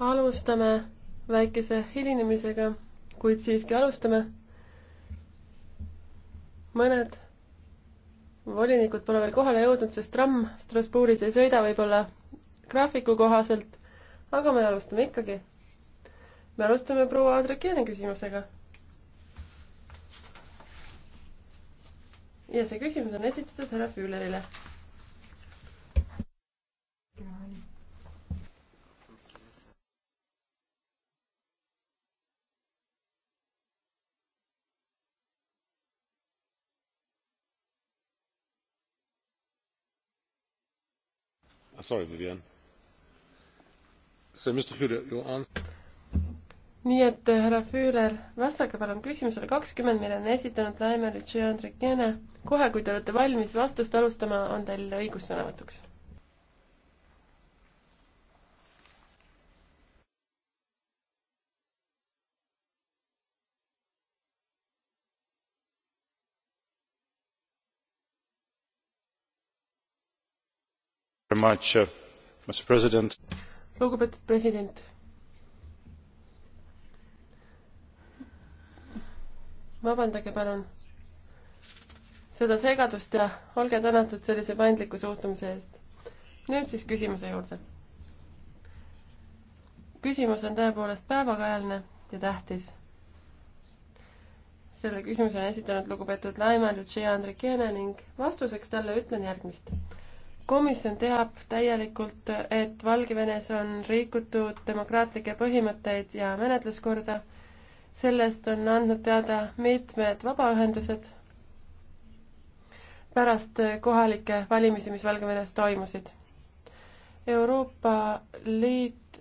alustame väikese hilinemisega, kuid siiski alustame. mõned volinikud pole veel kohale jõudnud, sest tramm Strasbourgis ei sõida võib-olla graafiku kohaselt, aga me alustame ikkagi. me alustame proua Andrekiene küsimusega. ja see küsimus on esitatud härra Füülerile Oh, sorry, Vivian. So, Mr Füüler, you on? nii et eh, härra Füüler, vastake palun küsimusele kakskümmend, mille on esitanud Laimar Tšõandrik Jene. kohe, kui te olete valmis vastust alustama, on teil õigus sõnavõtuks Uh, lugupeetud president vabandage palun seda segadust ja olge tänatud sellise paindliku suhtumise eest. nüüd siis küsimuse juurde. küsimus on tõepoolest päevakajaline ja tähtis. selle küsimuse on esitanud lugupeetud Laima Lucia Andrikene ning vastuseks talle ütlen järgmist komisjon teab täielikult, et Valgevenes on rikutud demokraatlikke põhimõtteid ja menetluskorda. sellest on andnud teada mitmed vabaühendused pärast kohalikke valimisi, mis Valgevenes toimusid. Euroopa Liit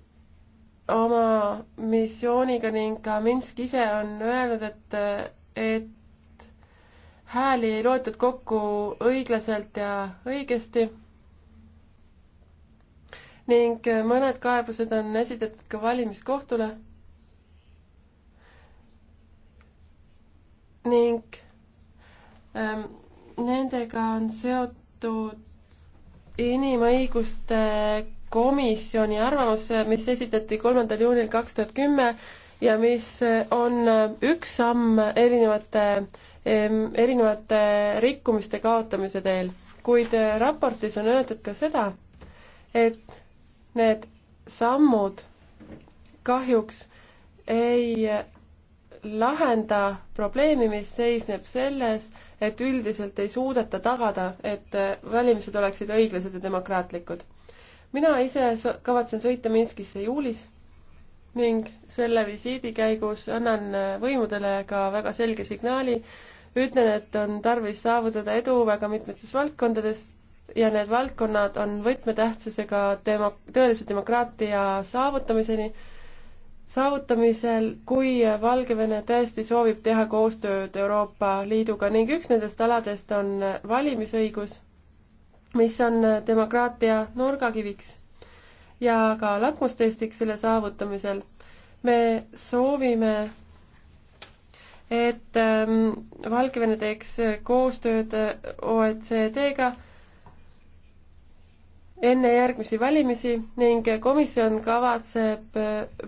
oma missiooniga ning ka Minsk ise on öelnud, et, et hääli ei loetud kokku õiglaselt ja õigesti ning äh, mõned kaebused on esitatud ka valimiskohtule ning ähm, nendega on seotud inimõiguste komisjoni arvamus, mis esitati kolmandal juunil kaks tuhat kümme ja mis äh, on äh, üks samm erinevate, ähm, erinevate rikkumiste kaotamise teel. kuid raportis on öeldud ka seda, et Need sammud kahjuks ei lahenda probleemi, mis seisneb selles, et üldiselt ei suudeta tagada, et valimised oleksid õiglased ja demokraatlikud. mina ise kavatsen sõita Minskisse juulis ning selle visiidi käigus annan võimudele ka väga selge signaali, ütlen, et on tarvis saavutada edu väga mitmetes valdkondades ja need valdkonnad on võtmetähtsusega demo-, tõelise demokraatia saavutamiseni, saavutamisel, kui Valgevene tõesti soovib teha koostööd Euroopa Liiduga ning üks nendest aladest on valimisõigus, mis on demokraatia nurgakiviks ja ka lakmustestiks selle saavutamisel. me soovime et ähm, Valgevene teeks koostööd OECD-ga enne järgmisi valimisi ning komisjon kavatseb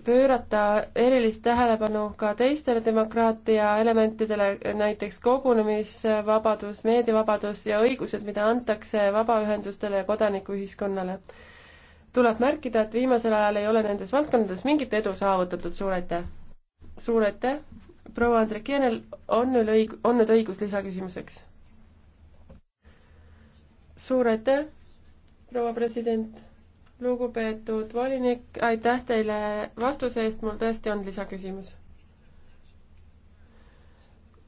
pöörata erilist tähelepanu ka teistele demokraatia elementidele, näiteks kogunemisvabadus, meediavabadus ja õigused, mida antakse vabaühendustele ja kodanikuühiskonnale. tuleb märkida, et viimasel ajal ei ole nendes valdkondades mingit edu saavutatud, suur aitäh! suur aitäh! proua Andrekienel on nüüd õig-, on nüüd õigus lisaküsimuseks. suur aitäh! proua president, lugupeetud volinik, aitäh teile vastuse eest, mul tõesti on lisaküsimus.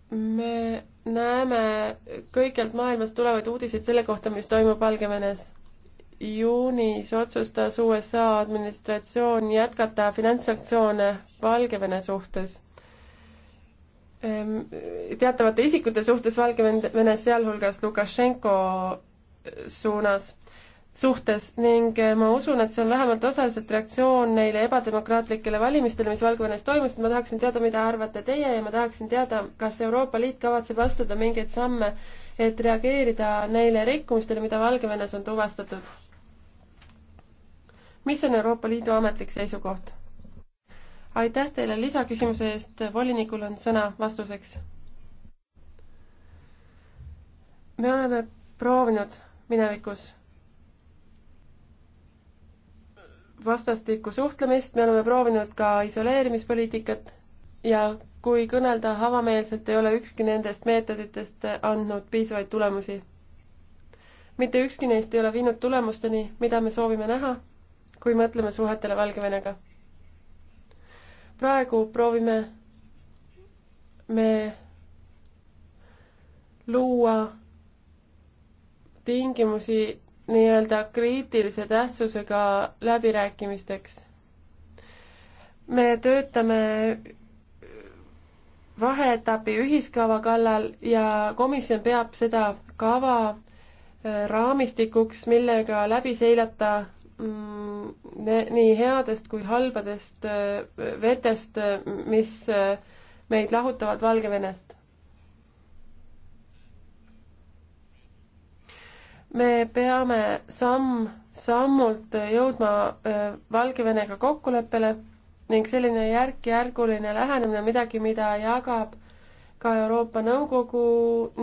me näeme kõikjalt maailmast tulevaid uudiseid selle kohta, mis toimub Valgevenes. juunis otsustas USA administratsioon jätkata finantssanktsioone Valgevene suhtes ehm, teatavate isikute suhtes Valgevenes, sealhulgas Lukašenko suunas suhtes ning eh, ma usun, et see on vähemalt osaliselt reaktsioon neile ebademokraatlikele valimistele, mis Valgevenes toimusid, ma tahaksin teada, mida arvate teie ja ma tahaksin teada, kas Euroopa Liit kavatseb astuda mingeid samme, et reageerida neile rikkumistele, mida Valgevenes on tuvastatud. mis on Euroopa Liidu ametlik seisukoht? aitäh teile lisaküsimuse eest, volinikul on sõna vastuseks. me oleme proovinud minevikus vastastikku suhtlemist, me oleme proovinud ka isoleerimispoliitikat ja kui kõnelda avameelselt, ei ole ükski nendest meetoditest andnud piisavaid tulemusi. mitte ükski neist ei ole viinud tulemusteni, mida me soovime näha, kui mõtleme suhetele Valgevenega. praegu proovime me luua tingimusi nii-öelda kriitilise tähtsusega läbirääkimisteks. me töötame vaheetapi ühiskava kallal ja komisjon peab seda kava äh, raamistikuks, millega läbi seilata mm, nii headest kui halbadest äh, vetest, äh, mis meid lahutavad Valgevenest me peame samm-sammult jõudma äh, Valgevenega kokkuleppele ning selline järk-järguline lähenemine on midagi, mida jagab ka Euroopa Nõukogu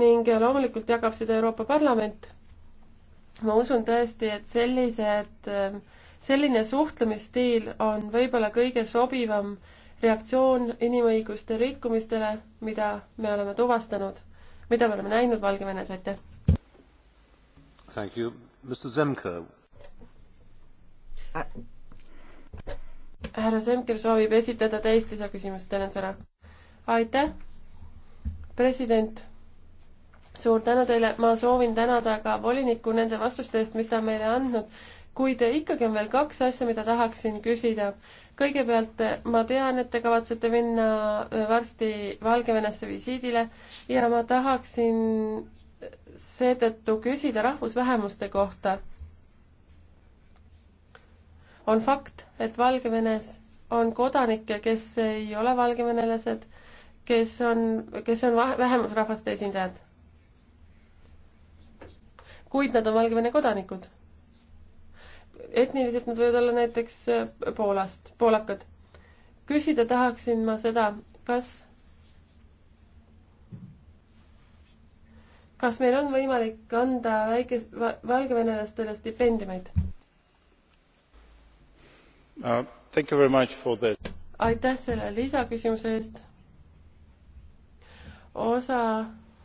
ning ja loomulikult jagab seda Euroopa Parlament. ma usun tõesti, et sellised, äh, selline suhtlemisstiil on võib-olla kõige sobivam reaktsioon inimõiguste rikkumistele, mida me oleme tuvastanud, mida me oleme näinud Valgevenes, aitäh! Äh. härra Semker soovib esitada teist lisaküsimust, teil on sõna. aitäh, president. suur tänu teile, ma soovin tänada ka volinikku nende vastuste eest, mis ta meile andnud, kuid ikkagi on veel kaks asja, mida tahaksin küsida. kõigepealt ma tean, et te kavatsete minna varsti Valgevenesse visiidile ja ma tahaksin seetõttu küsida rahvusvähemuste kohta. on fakt, et Valgevenes on kodanikke, kes ei ole valgevenelased, kes on, kes on vähemusrahvaste esindajad. kuid nad on Valgevene kodanikud. etniliselt nad võivad olla näiteks eh, Poolast, poolakad. küsida tahaksin ma seda, kas kas meil on võimalik anda väike, valgevenelastele stipendiumeid uh,? aitäh selle lisaküsimuse eest. osa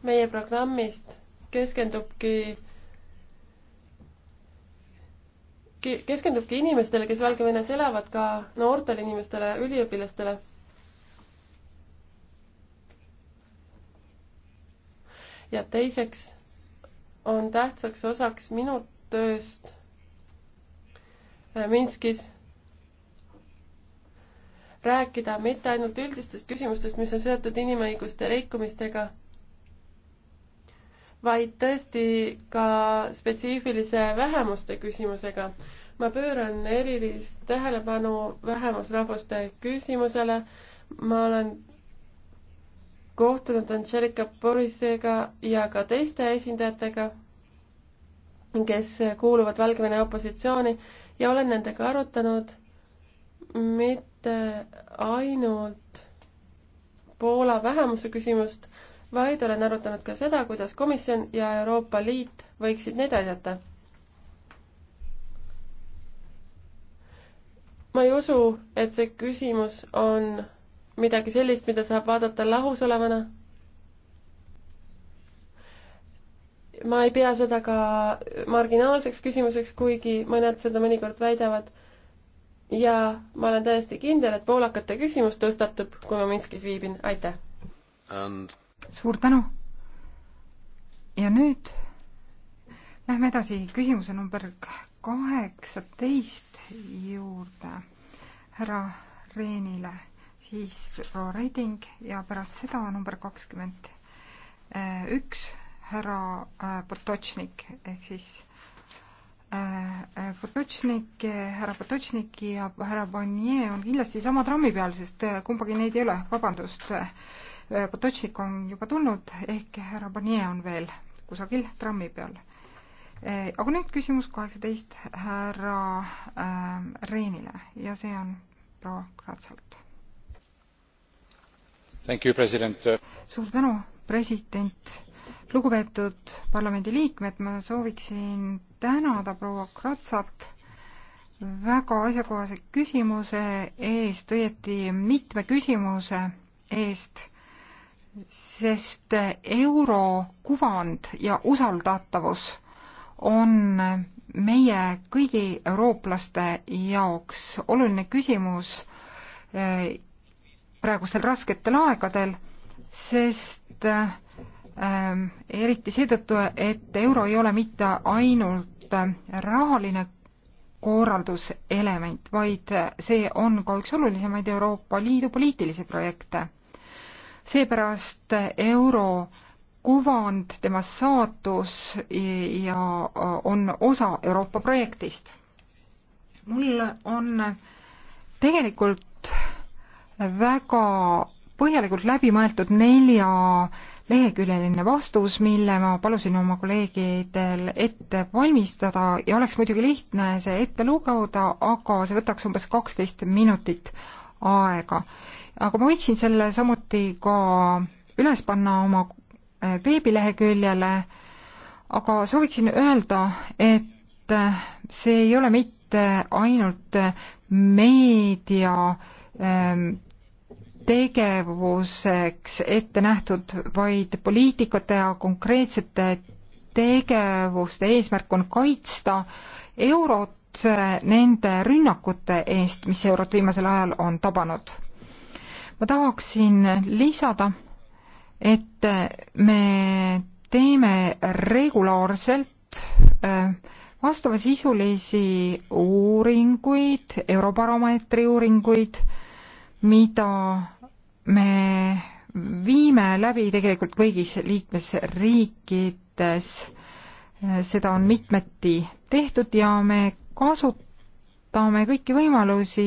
meie programmist keskendubki, keskendubki inimestele, kes Valgevenes elavad, ka noortele inimestele, üliõpilastele ja teiseks on tähtsaks osaks minu tööst äh, Minskis rääkida mitte ainult üldistest küsimustest, mis on seotud inimõiguste rikkumistega, vaid tõesti ka spetsiifilise vähemuste küsimusega. ma pööran erilist tähelepanu vähemusrahvuste küsimusele, ma olen kohtunud Angelika Borisega ja ka teiste esindajatega, kes kuuluvad Valgevene opositsiooni ja olen nendega arutanud mitte ainult Poola vähemuse küsimust, vaid olen arutanud ka seda, kuidas komisjon ja Euroopa Liit võiksid neid aidata. ma ei usu, et see küsimus on midagi sellist, mida saab vaadata lahus olevana. ma ei pea seda ka marginaalseks küsimuseks, kuigi mõned seda mõnikord väidavad. ja ma olen täiesti kindel, et poolakate küsimus tõstatub, kui ma Minskis viibin, aitäh And...! suur tänu! ja nüüd lähme edasi küsimuse number kaheksateist juurde härra Reenile siis proua Reding ja pärast seda number kakskümmend äh, üks härra äh, Potočnik ehk siis äh, Potočnik, härra Potočnik ja härra Bonnier on kindlasti sama trammi peal, sest kumbagi neid ei ole, vabandust. Potočnik on juba tulnud, ehk härra Bonnier on veel kusagil trammi peal. aga nüüd küsimus kaheksateist härra äh, Reinile ja see on proua Kratsalt suur tänu, president. lugupeetud parlamendiliikmed, ma sooviksin tänada proua Kratsat väga asjakohase küsimuse eest, õieti mitme küsimuse eest, sest euro kuvand ja usaldatavus on meie kõigi eurooplaste jaoks oluline küsimus praegustel rasketel aegadel, sest äh, eriti seetõttu, et euro ei ole mitte ainult äh, rahaline korralduselement, vaid äh, see on ka üks olulisemaid Euroopa Liidu poliitilisi projekte. seepärast äh, euro kuvand, tema saatus ja on osa Euroopa projektist. mul on tegelikult väga põhjalikult läbimõeldud nelja leheküljeline vastus, mille ma palusin oma kolleegidel ette valmistada ja oleks muidugi lihtne see ette lugeda, aga see võtaks umbes kaksteist minutit aega. aga ma võiksin selle samuti ka üles panna oma eh, veebileheküljele, aga sooviksin öelda, et see ei ole mitte ainult meedia Ähm, tegevuseks ette nähtud, vaid poliitikate ja konkreetsete tegevuste eesmärk on kaitsta eurot äh, nende rünnakute eest, mis eurot viimasel ajal on tabanud. ma tahaksin lisada, et äh, me teeme regulaarselt äh, vastavasisulisi uuringuid, Eurobaromeetri uuringuid, mida me viime läbi tegelikult kõigis liikmesriikides, seda on mitmeti tehtud ja me kasutame kõiki võimalusi,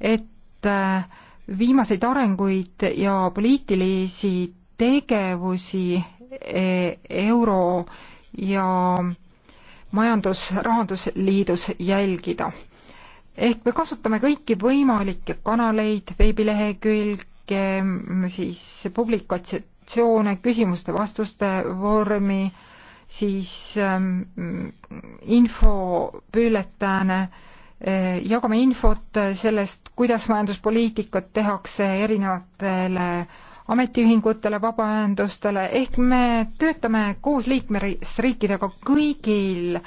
et viimaseid arenguid ja poliitilisi tegevusi e-, euro ja majandus-rahandusliidus jälgida ehk me kasutame kõiki võimalikke kanaleid, veebilehekülge, siis publikatsioone, küsimuste-vastuste vormi, siis ähm, infopüületääne äh,, jagame infot sellest, kuidas majanduspoliitikat tehakse erinevatele ametiühingutele, vabaühendustele, ehk me töötame koos liikmesriikidega kõigil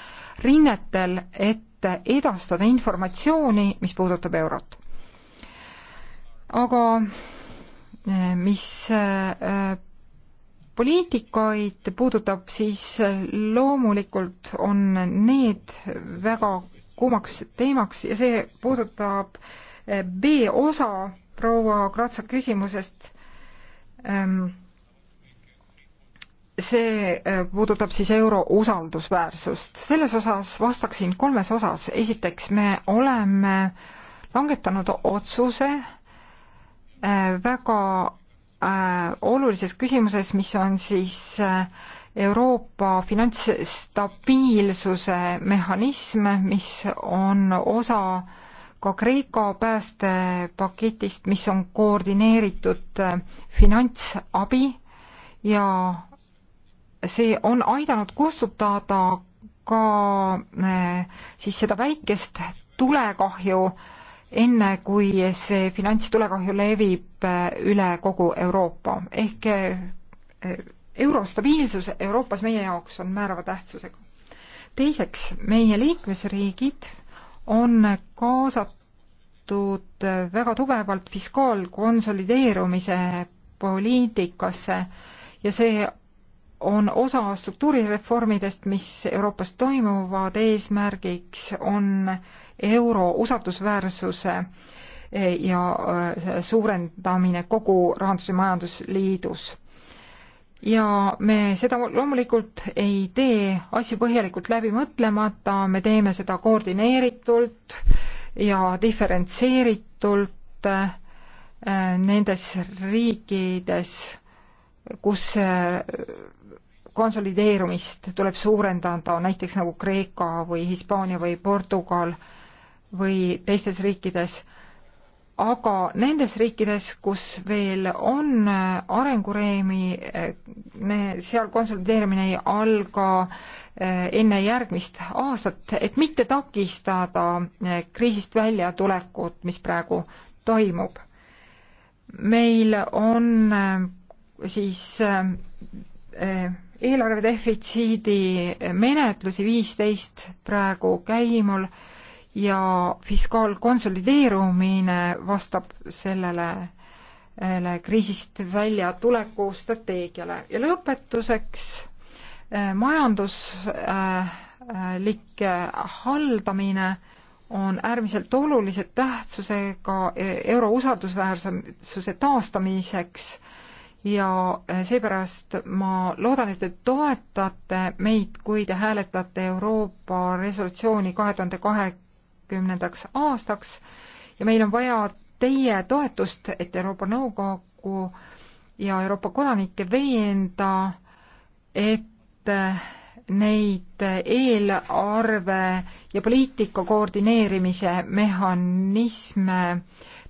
rinnetel, et et edastada informatsiooni, mis puudutab eurot. aga eh, mis eh, poliitikaid puudutab, siis loomulikult on need väga kuumaks teemaks ja see puudutab eh, B-osa proua Kratsa küsimusest ähm, see äh, puudutab siis euro usaldusväärsust. selles osas vastaksin kolmes osas. esiteks, me oleme langetanud otsuse äh, väga äh, olulises küsimuses, mis on siis Euroopa finantsstabiilsuse mehhanism, mis on osa ka Kreeka päästepaketist, mis on koordineeritud finantsabi ja see on aidanud kustutada ka äh, siis seda väikest tulekahju, enne kui see finantstulekahju levib äh, üle kogu Euroopa. ehk äh, eurostabiilsus Euroopas meie jaoks on määrava tähtsusega. teiseks, meie liikmesriigid on kaasatud väga tugevalt fiskaalkonsolideerumise poliitikasse ja see on osa struktuurireformidest, mis Euroopas toimuvad, eesmärgiks on euro usaldusväärsuse e, ja e, suurendamine kogu Rahandus- ja Majandusliidus. ja me seda loomulikult ei tee asju põhjalikult läbi mõtlemata, me teeme seda koordineeritult ja diferentseeritult e, nendes riikides, kus konsolideerumist tuleb suurendada, näiteks nagu Kreeka või Hispaania või Portugal või teistes riikides, aga nendes riikides, kus veel on arengureemi, seal konsolideerimine ei alga eh, enne järgmist aastat, et mitte takistada eh, kriisist väljatulekut, mis praegu toimub. meil on eh, siis äh, eelarve defitsiidi menetlusi viisteist praegu käimul ja fiskaalkonsolideerumine vastab sellele kriisist väljatuleku strateegiale ja lõpetuseks eh, majanduslik haldamine on äärmiselt olulise tähtsusega eh, euro usaldusväärsuse taastamiseks ja eh, seepärast ma loodan, et te toetate meid, kui te hääletate Euroopa resolutsiooni kahe tuhande kahekümnendaks aastaks ja meil on vaja teie toetust, et Euroopa Nõukogu ja Euroopa kodanikke veenda, et eh, neid eelarve ja poliitika koordineerimise mehhanisme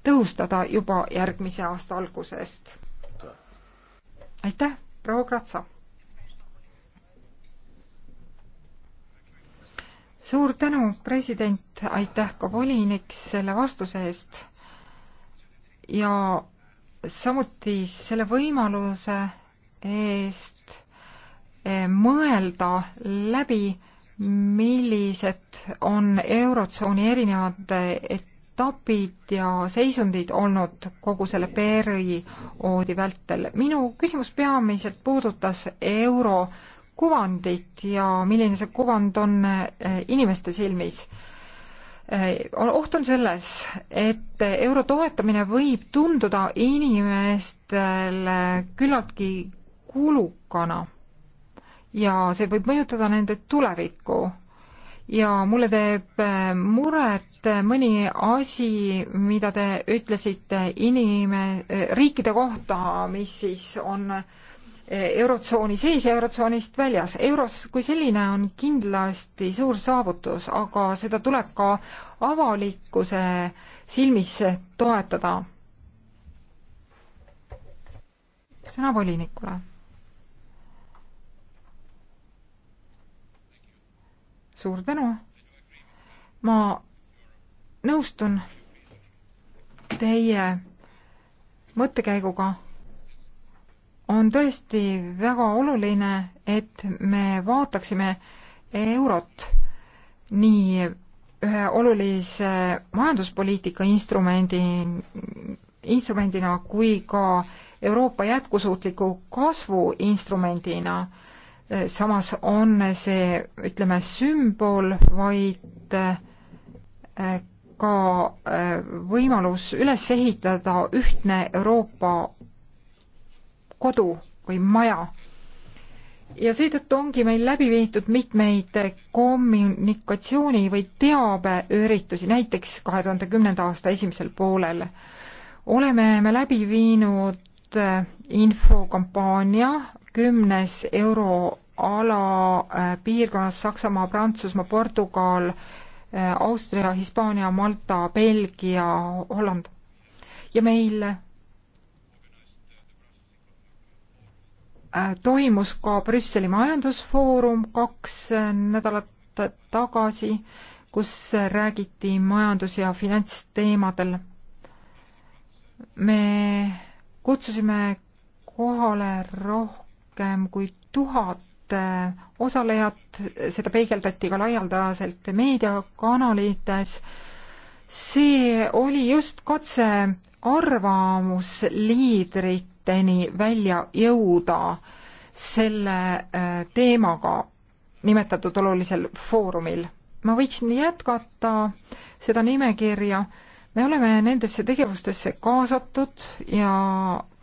tõhustada juba järgmise aasta algusest aitäh, proua Kratsa. suur tänu, president, aitäh ka volinik selle vastuse eest ja samuti selle võimaluse eest eh, mõelda läbi, millised on Eurotsooni erinevad et-, etapid ja seisundid olnud kogu selle perioodi vältel. minu küsimus peamiselt puudutas euro kuvandit ja milline see kuvand on eh, inimeste silmis. Eh, oht on selles, et euro toetamine võib tunduda inimestele küllaltki kulukana ja see võib mõjutada nende tulevikku ja mulle teeb äh, muret mõni asi, mida te ütlesite inime-, äh, riikide kohta, mis siis on äh, eurotsooni sees ja eurotsoonist väljas. euros kui selline on kindlasti suur saavutus, aga seda tuleb ka avalikkuse silmis toetada. sõna volinikule suur tänu. ma nõustun teie mõttekäiguga. on tõesti väga oluline, et me vaataksime eurot nii ühe olulise majanduspoliitika instrumendi, instrumendina kui ka Euroopa jätkusuutliku kasvu instrumendina samas on see, ütleme, sümbol, vaid äh, ka äh, võimalus üles ehitada ühtne Euroopa kodu või maja. ja seetõttu ongi meil läbi viidud mitmeid kommunikatsiooni või teabeüritusi, näiteks kahe tuhande kümnenda aasta esimesel poolel oleme me läbi viinud äh, infokampaania kümnes euroala äh, piirkonnas Saksamaa, Prantsusmaa, Portugal, äh, Austria, Hispaania, Malta, Belgia, Holland. ja meil äh, toimus ka Brüsseli majandusfoorum kaks nädalat tagasi, kus räägiti majandus- ja finantsteemadel. me kutsusime kohale rohkem rohkem kui tuhat äh, osalejat, seda peegeldati ka laialdaselt meediakanalites. see oli just katse arvamusliidriteni välja jõuda selle äh, teemaga nimetatud olulisel foorumil. ma võiksin jätkata seda nimekirja me oleme nendesse tegevustesse kaasatud ja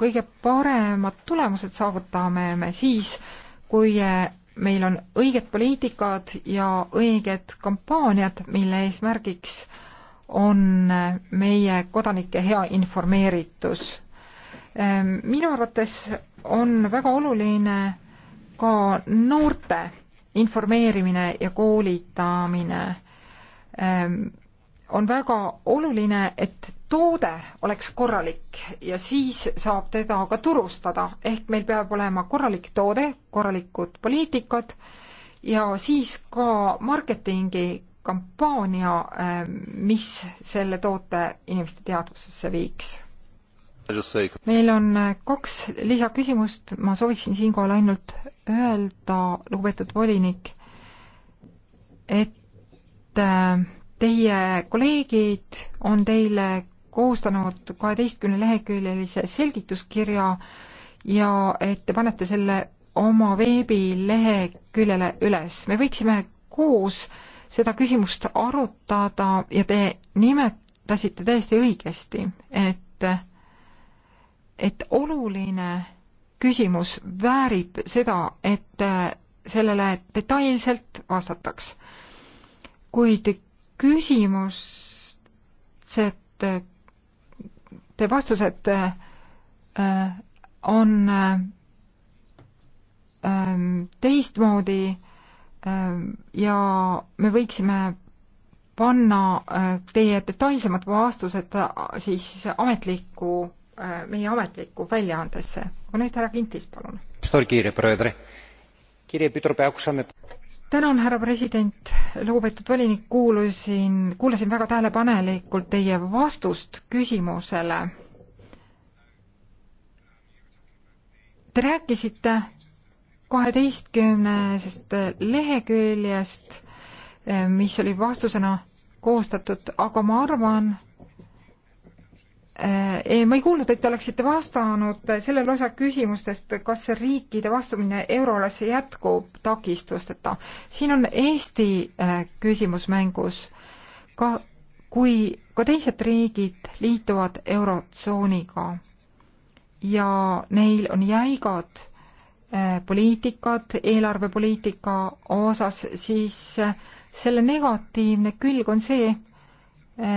kõige paremad tulemused saavutame me siis, kui meil on õiged poliitikad ja õiged kampaaniad, mille eesmärgiks on meie kodanike hea informeeritus. Ehm, minu arvates on väga oluline ka noorte informeerimine ja koolitamine ehm, on väga oluline, et toode oleks korralik ja siis saab teda ka turustada, ehk meil peab olema korralik toode, korralikud poliitikad ja siis ka marketingi kampaania, äh, mis selle toote inimeste teadvusesse viiks. meil on äh, kaks lisaküsimust, ma sooviksin siinkohal ainult öelda, lugupeetud volinik, et äh, Teie kolleegid on teile koostanud kaheteistkümne leheküljelise selgituskirja ja et te panete selle oma veebileheküljele üles. me võiksime koos seda küsimust arutada ja te nimetasite täiesti õigesti, et, et oluline küsimus väärib seda, et sellele detailselt vastataks. kuid küsimust, et te vastused äh, on äh, ähm, teistmoodi äh, ja me võiksime panna teie detailsemad vastused siis ametlikku, meie ametlikku väljaandesse. aga nüüd härra Kintis, palun tänan, härra president, lugupeetud volinik, kuulusin, kuulasin väga tähelepanelikult teie vastust küsimusele. Te rääkisite kaheteistkümnesest leheküljest, mis oli vastusena koostatud, aga ma arvan, Äh, ei, ma ei kuulnud, et te oleksite vastanud sellele osa küsimustest, kas riikide vastumine eurolasse jätkub takistusteta. siin on Eesti äh, küsimus mängus. ka kui ka teised riigid liituvad eurotsooniga ja neil on jäigad äh, poliitikad, eelarvepoliitika osas, siis selle negatiivne külg on see,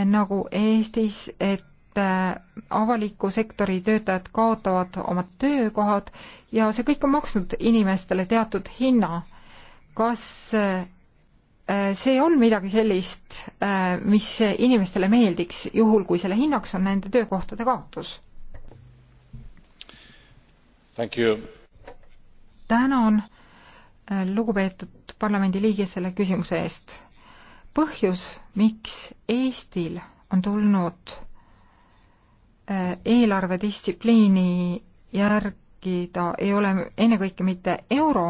nagu Eestis, et et äh, avaliku sektori töötajad kaotavad oma töökohad ja see kõik on maksnud inimestele teatud hinna. kas äh, see on midagi sellist, äh, mis inimestele meeldiks, juhul kui selle hinnaks on nende töökohtade kaotus? tänan, lugupeetud parlamendiliige, selle küsimuse eest. põhjus, miks Eestil on tulnud eelarvedistsipliini järgida ei ole ennekõike mitte euro,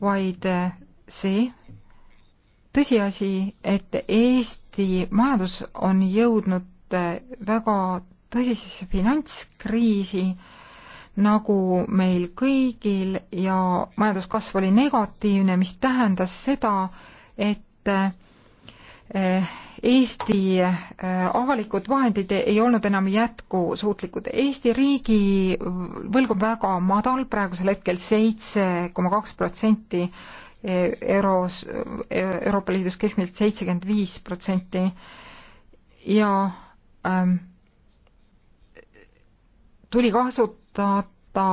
vaid eh, see tõsiasi, et Eesti majandus on jõudnud eh, väga tõsisesse finantskriisi, nagu meil kõigil ja majanduskasv oli negatiivne, mis tähendas seda, et eh, Eesti äh, avalikud vahendid ei olnud enam jätkusuutlikud. Eesti riigi äh, võlg on väga madal, praegusel hetkel seitse koma kaks protsenti äh, euros, Euroopa Liidus keskmiselt seitsekümmend viis protsenti ja ähm, tuli kasutada ta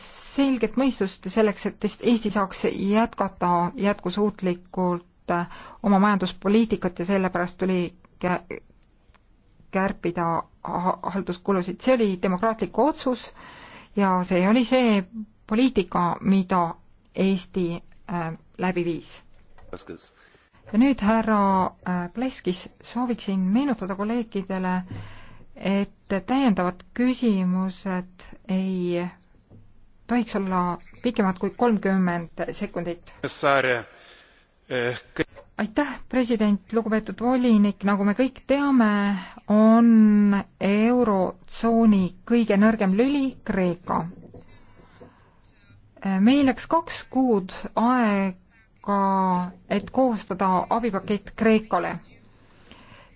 selget mõistust selleks, et Eesti saaks jätkata jätkusuutlikult Äh, oma majanduspoliitikat ja sellepärast tuli kärpida halduskulusid. see oli demokraatlik otsus ja see oli see poliitika, mida Eesti äh, läbi viis. ja nüüd, härra äh, Pleskis, sooviksin meenutada kolleegidele, et täiendavad küsimused ei tohiks olla pikemad kui kolmkümmend sekundit aitäh, president, lugupeetud volinik, nagu me kõik teame, on eurotsooni kõige nõrgem lüli Kreeka. meil läks kaks kuud aega, et koostada abipakett Kreekale.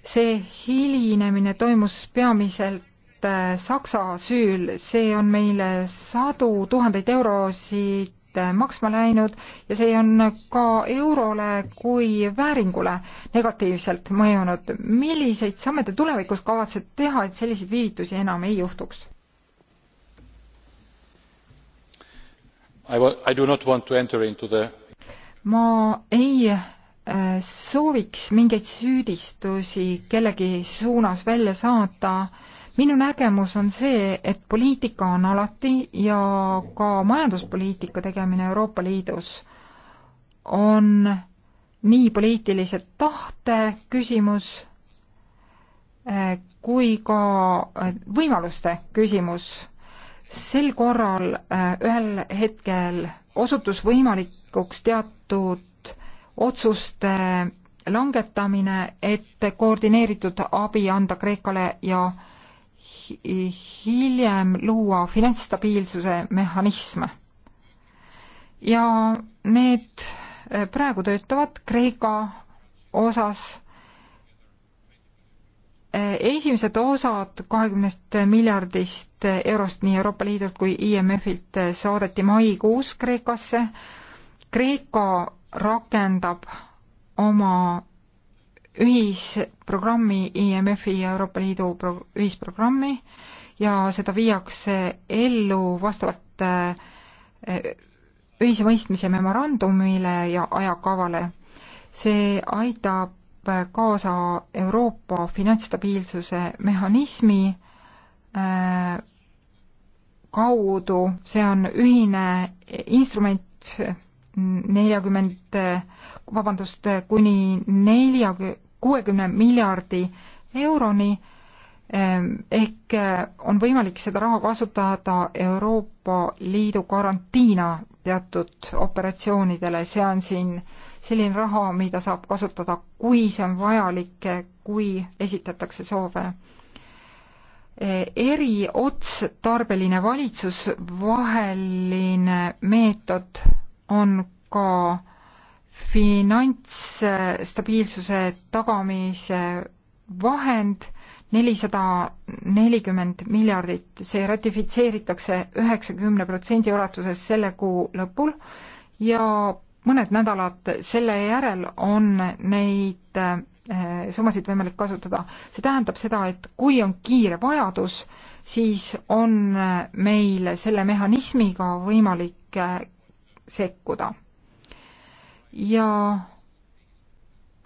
see hilinemine toimus peamiselt äh, Saksa süül, see on meile sadu tuhandeid eurosid Äh, maksma läinud ja see on ka eurole kui vääringule negatiivselt mõjunud. milliseid samme te tulevikus kavatsete teha, et selliseid viivitusi enam ei juhtuks? The... ma ei äh, sooviks mingeid süüdistusi kellegi suunas välja saata äh, minu nägemus on see, et poliitika on alati ja ka majanduspoliitika tegemine Euroopa Liidus on nii poliitilise tahte küsimus eh, kui ka eh, võimaluste küsimus. sel korral eh, ühel hetkel osutus võimalikuks teatud otsuste langetamine, et koordineeritud abi anda Kreekale ja äh, hiljem luua finantsstabiilsuse mehhanisme. ja need eh, praegu töötavad Kreeka osas eh, esimesed osad kahekümnest miljardist eurost nii Euroopa Liidult kui IMF-ilt eh, saadeti maikuus Kreekasse. Kreeka rakendab oma ühisprogrammi, IMF-i ja Euroopa Liidu pro-, ühisprogrammi ja seda viiakse ellu vastavalt äh, ühise mõistmise memorandumile ja ajakavale. see aitab kaasa Euroopa finantsstabiilsuse mehhanismi äh, kaudu, see on ühine instrument neljakümmend, vabandust, kuni nelja, kuuekümne miljardi euroni ehm, ehk eh, on võimalik seda raha kasutada Euroopa Liidu karantiina teatud operatsioonidele, see on siin selline raha, mida saab kasutada, kui see on vajalik, eh, kui esitatakse soove. Eh, eriotstarbeline valitsusvaheline meetod on ka finantsstabiilsuse tagamise vahend nelisada nelikümmend miljardit, see ratifitseeritakse üheksakümne protsendi ulatuses selle kuu lõpul ja mõned nädalad selle järel on neid eh, summasid võimalik kasutada. see tähendab seda, et kui on kiire vajadus, siis on meil selle mehhanismiga võimalik eh, sekkuda ja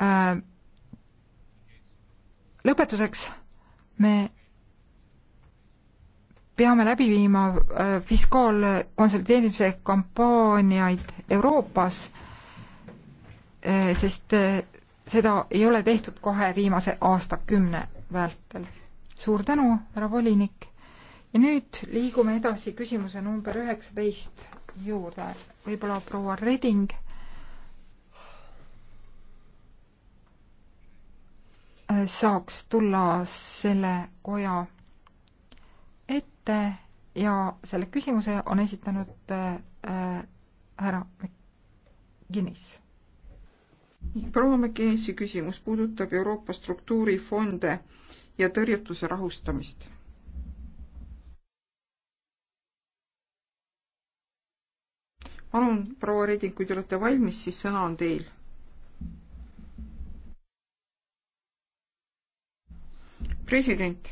äh, lõpetuseks me peame läbi viima äh, fiskaalkonsolideerimise kampaaniaid Euroopas äh,, sest äh, seda ei ole tehtud kohe viimase aastakümne vältel. suur tänu, härra volinik! ja nüüd liigume edasi küsimuse number üheksateist juurde, võib-olla proua Reding saaks tulla selle koja ette ja selle küsimuse on esitanud äh, äh, härra McGinnis. proua McGinnisi küsimus puudutab Euroopa struktuurifonde ja tõrjutuse rahustamist palun, proua Reding, kui te olete valmis, siis sõna on teil. president,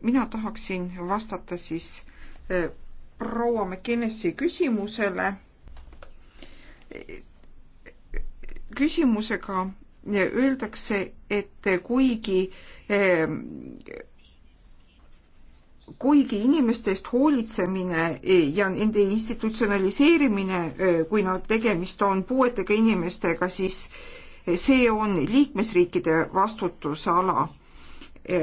mina tahaksin vastata siis eh, proua McKinnesi küsimusele küsimusega eh, öeldakse, et kuigi eh, kuigi inimestest hoolitsemine ja nende institutsionaliseerimine, kui nad tegemist on puuetega inimestega, siis see on liikmesriikide vastutusala. E,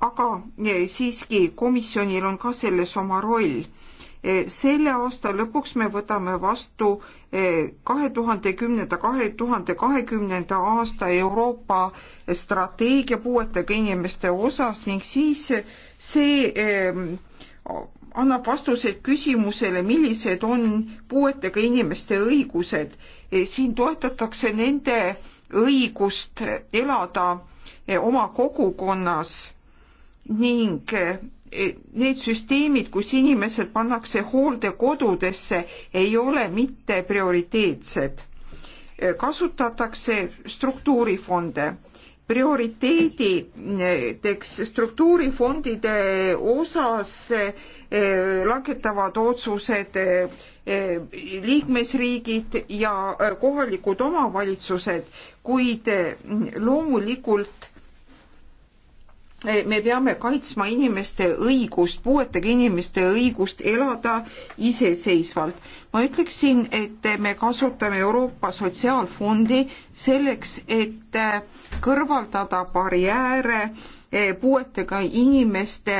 aga e, siiski komisjonil on ka selles oma roll. E, selle aasta lõpuks me võtame vastu kahe tuhande kümnenda, kahe tuhande kahekümnenda aasta Euroopa strateegia puuetega inimeste osas ning siis see annab vastuseid küsimusele, millised on puuetega inimeste õigused. E, siin toetatakse nende õigust elada e, oma kogukonnas ning e, need süsteemid, kus inimesed pannakse hooldekodudesse, ei ole mitte prioriteetsed. kasutatakse struktuurifonde prioriteedideks struktuurifondide osas Eh, langetavad otsused eh, liikmesriigid ja eh, kohalikud omavalitsused, kuid loomulikult me peame kaitsma inimeste õigust, puuetega inimeste õigust elada iseseisvalt. ma ütleksin, et me kasutame Euroopa Sotsiaalfondi selleks, et kõrvaldada barjääre puuetega inimeste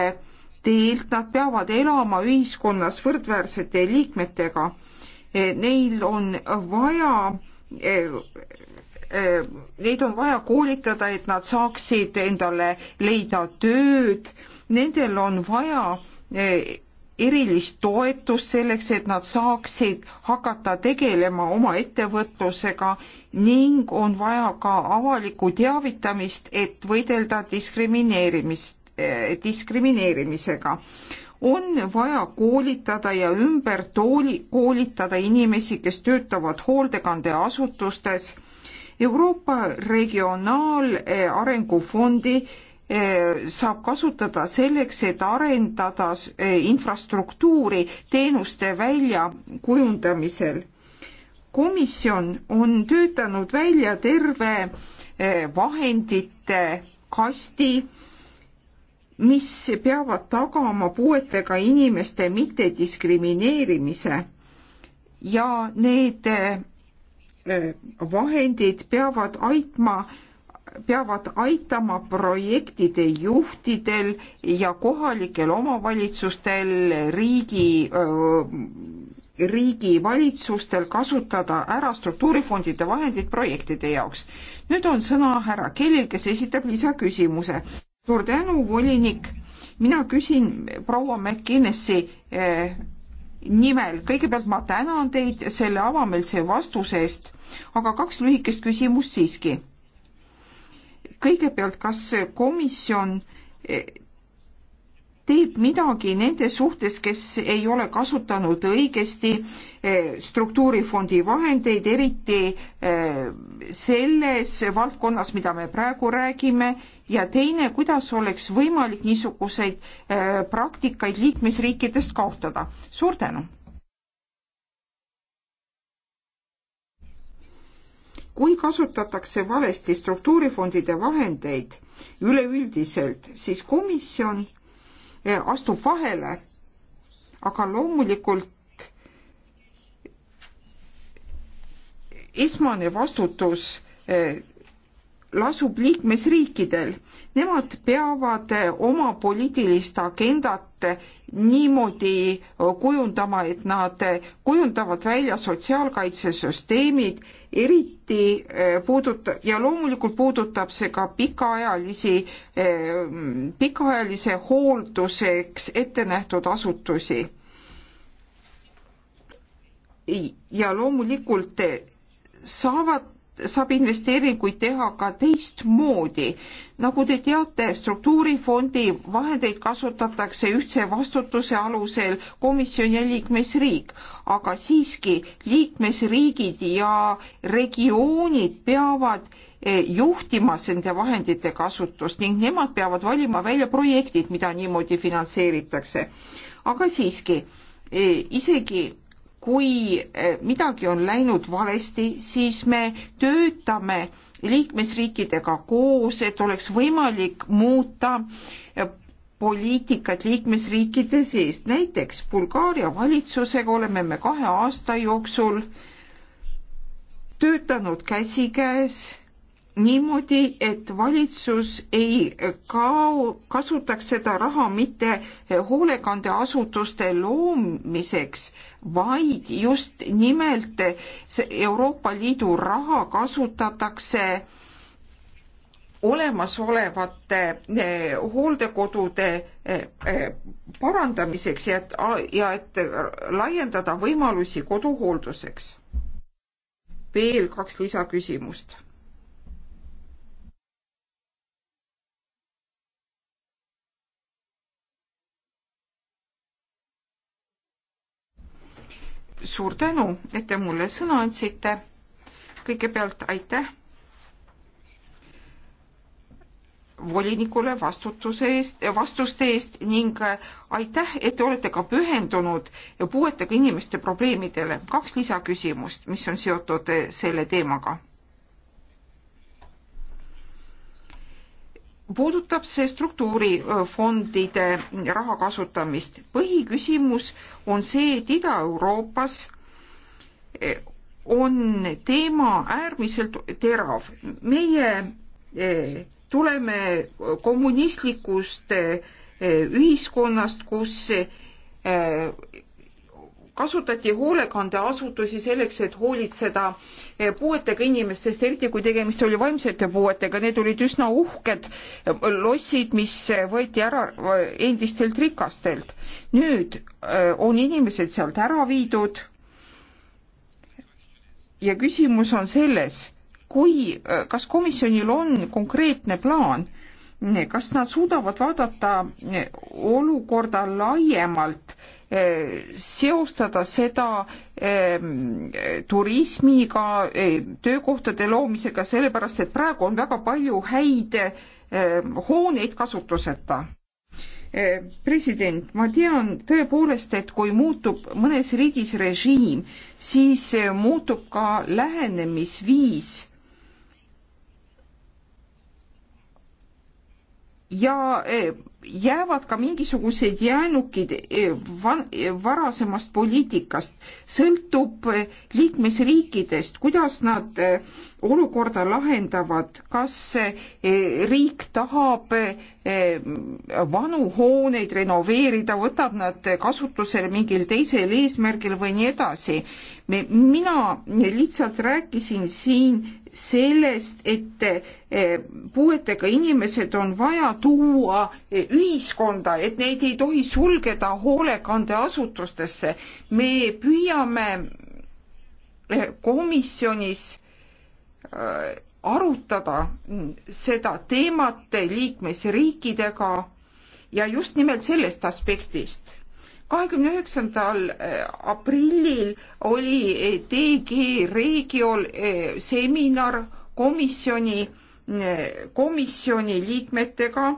teelt, nad peavad elama ühiskonnas võrdväärsete liikmetega. E, neil on vaja e, e, Neid on vaja koolitada, et nad saaksid endale leida tööd, nendel on vaja erilist toetust selleks, et nad saaksid hakata tegelema oma ettevõtlusega ning on vaja ka avalikku teavitamist, et võidelda diskrimineerimist Eh, diskrimineerimisega. on vaja koolitada ja ümber tooli, koolitada inimesi, kes töötavad hooldekandeasutustes. Euroopa Regionaalarengu eh, Fondi eh, saab kasutada selleks, et arendada infrastruktuuri teenuste väljakujundamisel. komisjon on töötanud välja terve vahendite kasti mis peavad tagama puuetega inimeste mittediskrimineerimise ja need äh, vahendid peavad aitma peavad aitama projektide juhtidel ja kohalikel omavalitsustel riigi äh, riigivalitsustel kasutada ära struktuurifondide vahendid projektide jaoks. nüüd on sõna härra Kellil, kes esitab lisaküsimuse suur tänu, volinik. mina küsin proua McInnesi eh, nimel, kõigepealt ma tänan teid selle avameelse vastuse eest, aga kaks lühikest küsimust siiski. kõigepealt, kas komisjon eh, teeb midagi nende suhtes, kes ei ole kasutanud õigesti eh, struktuurifondi vahendeid, eriti eh, selles valdkonnas, mida me praegu räägime ja teine, kuidas oleks võimalik niisuguseid äh, praktikaid liikmesriikidest kaotada. suur tänu! kui kasutatakse valesti struktuurifondide vahendeid üleüldiselt, siis komisjon äh, astub vahele, aga loomulikult äh, esmane vastutus lasub liikmesriikidel. Nemad peavad eh, oma poliitilist agendat eh, niimoodi eh, kujundama, et nad kujundavad välja sotsiaalkaitsesüsteemid, eriti puuduta- ja loomulikult puudutab see ka pikaajalisi, pikaajalise hoolduseks ette nähtud asutusi. ja loomulikult saavad saab investeeringuid teha ka teistmoodi. nagu te teate, struktuurifondi vahendeid kasutatakse ühtse vastutuse alusel komisjon ja liikmesriik, aga siiski liikmesriigid ja regioonid peavad eh, juhtima nende vahendite kasutust ning nemad peavad valima välja projektid, mida niimoodi finantseeritakse. aga siiski, eh, isegi kui eh, midagi on läinud valesti, siis me töötame liikmesriikidega koos, et oleks võimalik muuta eh, poliitikat liikmesriikide sees. näiteks Bulgaaria valitsusega oleme me kahe aasta jooksul töötanud käsikäes niimoodi, et valitsus ei kao, kasutaks seda raha mitte eh, hoolekandeasutuste loomiseks, vaid just nimelt Euroopa Liidu raha kasutatakse olemasolevate eh, hooldekodude eh, eh, parandamiseks ja et, ja et laiendada võimalusi koduhoolduseks. veel kaks lisaküsimust suur tänu, et te mulle sõna andsite. kõigepealt aitäh volinikule vastutuse eest, vastuste eest ning aitäh, et te olete ka pühendunud puuetega inimeste probleemidele. kaks lisaküsimust, mis on seotud selle teemaga puudutab see struktuurifondide raha kasutamist. põhiküsimus on see, et Ida-Euroopas eh, on teema äärmiselt terav. meie eh, tuleme kommunistlikust eh, ühiskonnast, kus kasutati hoolekandeasutusi selleks, et hoolitseda eh, puuetega inimestest, eriti kui tegemist oli vaimsete puuetega, need olid üsna uhked eh, lossid, mis eh, võeti ära endistelt rikastelt. nüüd on inimesed sealt ära viidud. ja küsimus on selles, kui, kas komisjonil on konkreetne plaan kas nad suudavad vaadata olukorda laiemalt, eh, seostada seda eh, turismiga, eh, töökohtade loomisega, sellepärast et praegu on väga palju häid hooneid kasutuseta president, ma tean tõepoolest, et kui muutub mõnes riigis režiim, siis muutub ka lähenemisviis ja eh, jäävad ka mingisugused jäänukid eh, eh, varasemast poliitikast, sõltub eh, liikmesriikidest, kuidas nad olukorda lahendavad, kas riik tahab vanu hooneid renoveerida, võtab nad kasutusele mingil teisel eesmärgil või nii edasi. mina lihtsalt rääkisin siin sellest, et puuetega inimesed on vaja tuua ühiskonda, et neid ei tohi sulgeda hoolekandeasutustesse. me püüame eh, komisjonis eh, arutada seda teemat liikmesriikidega ja just nimelt sellest aspektist kahekümne üheksandal eh, aprillil oli DG Regiol seminar komisjoni, komisjoni liikmetega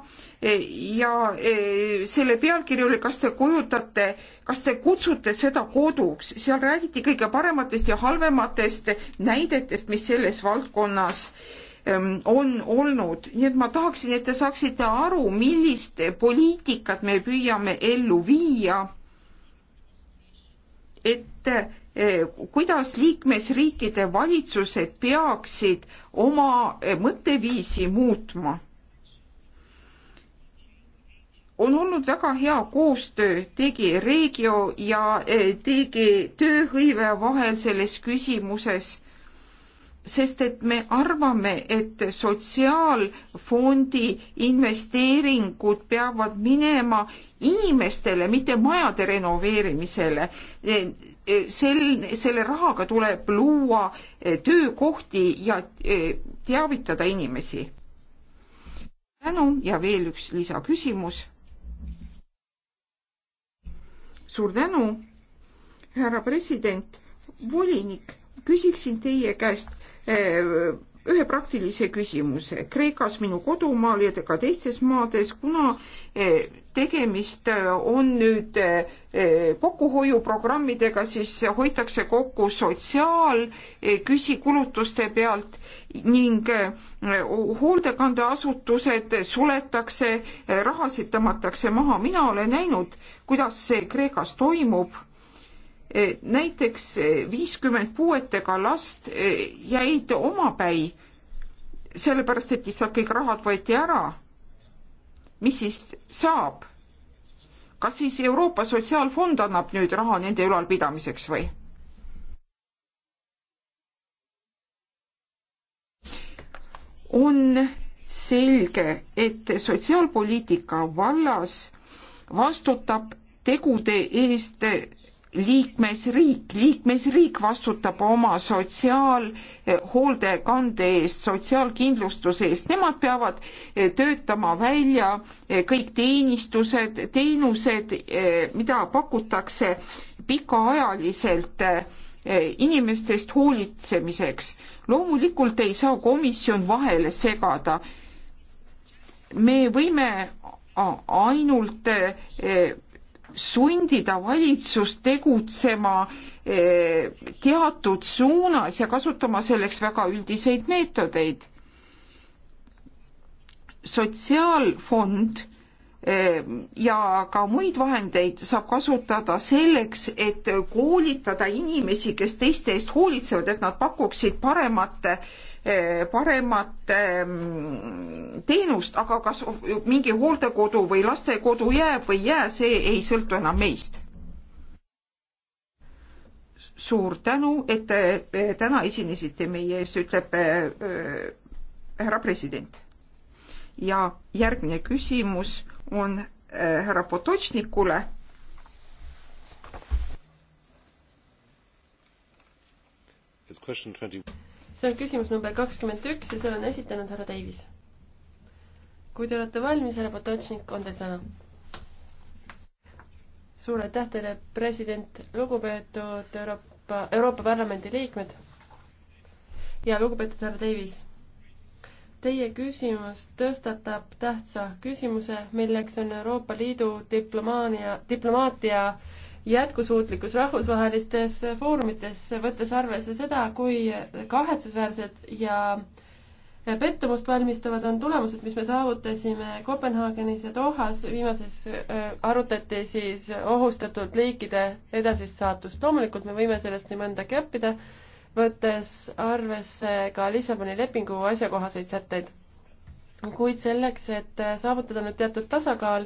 ja e, selle pealkiri oli Kas te kujutate, kas te kutsute seda koduks, seal räägiti kõige parematest ja halvematest näidetest, mis selles valdkonnas on olnud, nii et ma tahaksin, et te saaksite aru, millist poliitikat me püüame ellu viia. et e, kuidas liikmesriikide valitsused peaksid oma e, mõtteviisi muutma on olnud väga hea koostöö tegi Regio ja tegi eh, tööhõive vahel selles küsimuses, sest et me arvame, et sotsiaalfondi investeeringud peavad minema inimestele, mitte majade renoveerimisele. Eh, eh, sel, selle rahaga tuleb luua töökohti ja teavitada inimesi. tänu ja veel üks lisaküsimus suur tänu, härra president, volinik, küsiksin teie käest eh, ühe praktilise küsimuse. Kreekas, minu kodumaal ja ka teistes maades, kuna eh, tegemist eh, on nüüd kokkuhoiuprogrammidega, siis hoitakse kokku sotsiaalküsikulutuste pealt ning eh, hoolekandeasutused suletakse, eh, rahasid tõmmatakse maha. mina olen näinud, kuidas see Kreekas toimub eh, näiteks viiskümmend puuetega last jäid omapäi, sellepärast et lihtsalt kõik rahad võeti ära. mis siis saab? kas siis Euroopa Sotsiaalfond annab nüüd raha nende ülalpidamiseks või? on selge, et sotsiaalpoliitika vallas vastutab tegude eest liikmesriik, liikmesriik vastutab oma sotsiaalhooldekande eest, sotsiaalkindlustuse eest, nemad peavad eh, töötama välja eh, kõik teenistused, teenused, eh, mida pakutakse pikaajaliselt inimestest hoolitsemiseks loomulikult ei saa komisjon vahele segada. me võime ainult e, sundida valitsust tegutsema e, teatud suunas ja kasutama selleks väga üldiseid meetodeid. sotsiaalfond ja ka muid vahendeid saab kasutada selleks, et koolitada inimesi, kes teiste eest hoolitsevad, et nad pakuksid paremat paremat mm, teenust, aga kas mingi hooldekodu või lastekodu jääb või ei jää, see ei sõltu enam meist. suur tänu, et te täna esinesite meie ees, ütleb äh, härra president. ja järgmine küsimus on eh, härra Potočnikule. see on küsimus number kakskümmend üks ja selle on esitanud härra Davis. kui te olete valmis, härra Potočnik, on teil sõna? suur aitäh teile, president, lugupeetud Euroopa, Euroopa Parlamendi liikmed ja lugupeetud härra Davis Teie küsimus tõstatab tähtsa küsimuse, milleks on Euroopa Liidu diplomaania, diplomaatia jätkusuutlikkus rahvusvahelistes foorumites, võttes arvesse seda, kui kahetsusväärsed ja pettumust valmistavad on tulemused, mis me saavutasime Kopenhaagenis ja Dohas, viimases äh, arutati siis ohustatud liikide edasist saatust. loomulikult me võime sellest nii mõndagi õppida võttes arvesse ka Lissaboni lepingu asjakohaseid sätteid. kuid selleks, et saavutada nüüd teatud tasakaal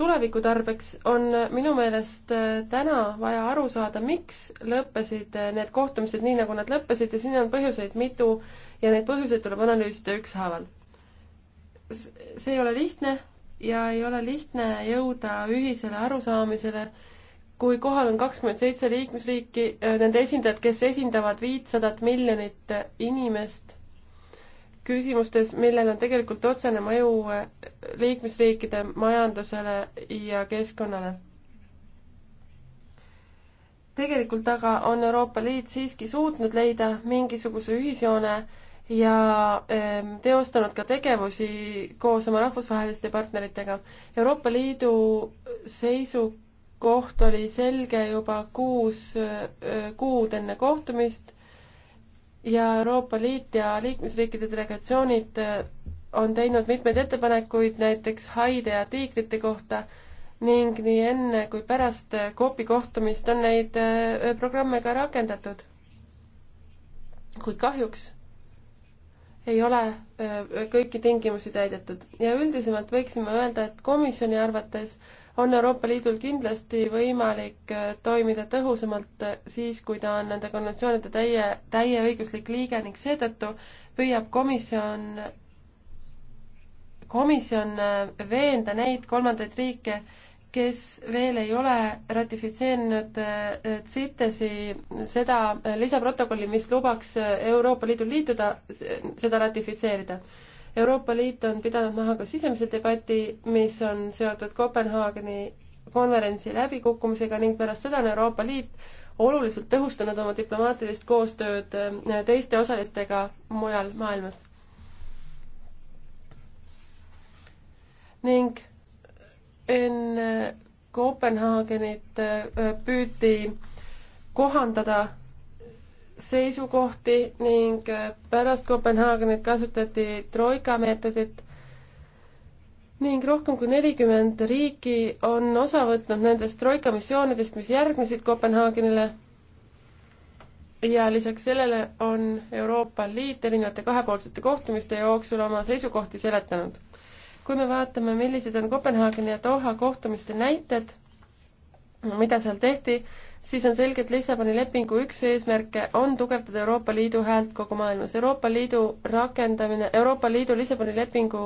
tuleviku tarbeks, on minu meelest täna vaja aru saada, miks lõppesid need kohtumised nii, nagu nad lõppesid ja siin on põhjuseid mitu ja neid põhjuseid tuleb analüüsida ükshaaval. see ei ole lihtne ja ei ole lihtne jõuda ühisele arusaamisele kui kohal on kakskümmend seitse liikmesriiki, äh, nende esindajad, kes esindavad viitsadat miljonit äh, inimest küsimustes, millel on tegelikult otsene mõju äh, liikmesriikide majandusele ja keskkonnale. tegelikult aga on Euroopa Liit siiski suutnud leida mingisuguse ühisjoone ja ähm, teostanud ka tegevusi koos oma rahvusvaheliste partneritega. Euroopa Liidu seisuk koht oli selge juba kuus kuud enne kohtumist ja Euroopa Liit ja liikmesriikide delegatsioonid on teinud mitmeid ettepanekuid näiteks haide ja tiigrite kohta ning nii enne kui pärast COP-i kohtumist on neid programme ka rakendatud. kuid kahjuks ei ole kõiki tingimusi täidetud ja üldisemalt võiksime öelda, et komisjoni arvates on Euroopa Liidul kindlasti võimalik äh, toimida tõhusamalt äh, siis, kui ta on nende konventsioonide täie, täieõiguslik liige ning seetõttu püüab komisjon, komisjon äh, veenda neid kolmandaid riike, kes veel ei ole ratifitseerinud CITES-i seda lisaprotokolli, mis lubaks Euroopa Liidul liituda, seda ratifitseerida Euroopa Liit on pidanud maha ka sisemise debati, mis on seotud Kopenhaageni konverentsi läbikukkumisega ning pärast seda on Euroopa Liit oluliselt tõhustanud oma diplomaatilist koostööd äh, teiste osalistega mujal maailmas. ning enne Kopenhaagenit äh, püüdi kohandada seisukohti ning pärast Kopenhaagenit kasutati troika meetodit ning rohkem kui nelikümmend riiki on osa võtnud nendest troika missioonidest, mis järgnesid Kopenhaagenile. ja lisaks sellele on Euroopa Liit erinevate kahepoolsete kohtumiste jooksul oma seisukohti seletanud. kui me vaatame, millised on Kopenhaageni ja Doha kohtumiste näited, mida seal tehti, siis on selge, et Lissaboni lepingu üks eesmärke on tugevdada Euroopa Liidu häält kogu maailmas. Euroopa Liidu rakendamine, Euroopa Liidu Lissaboni lepingu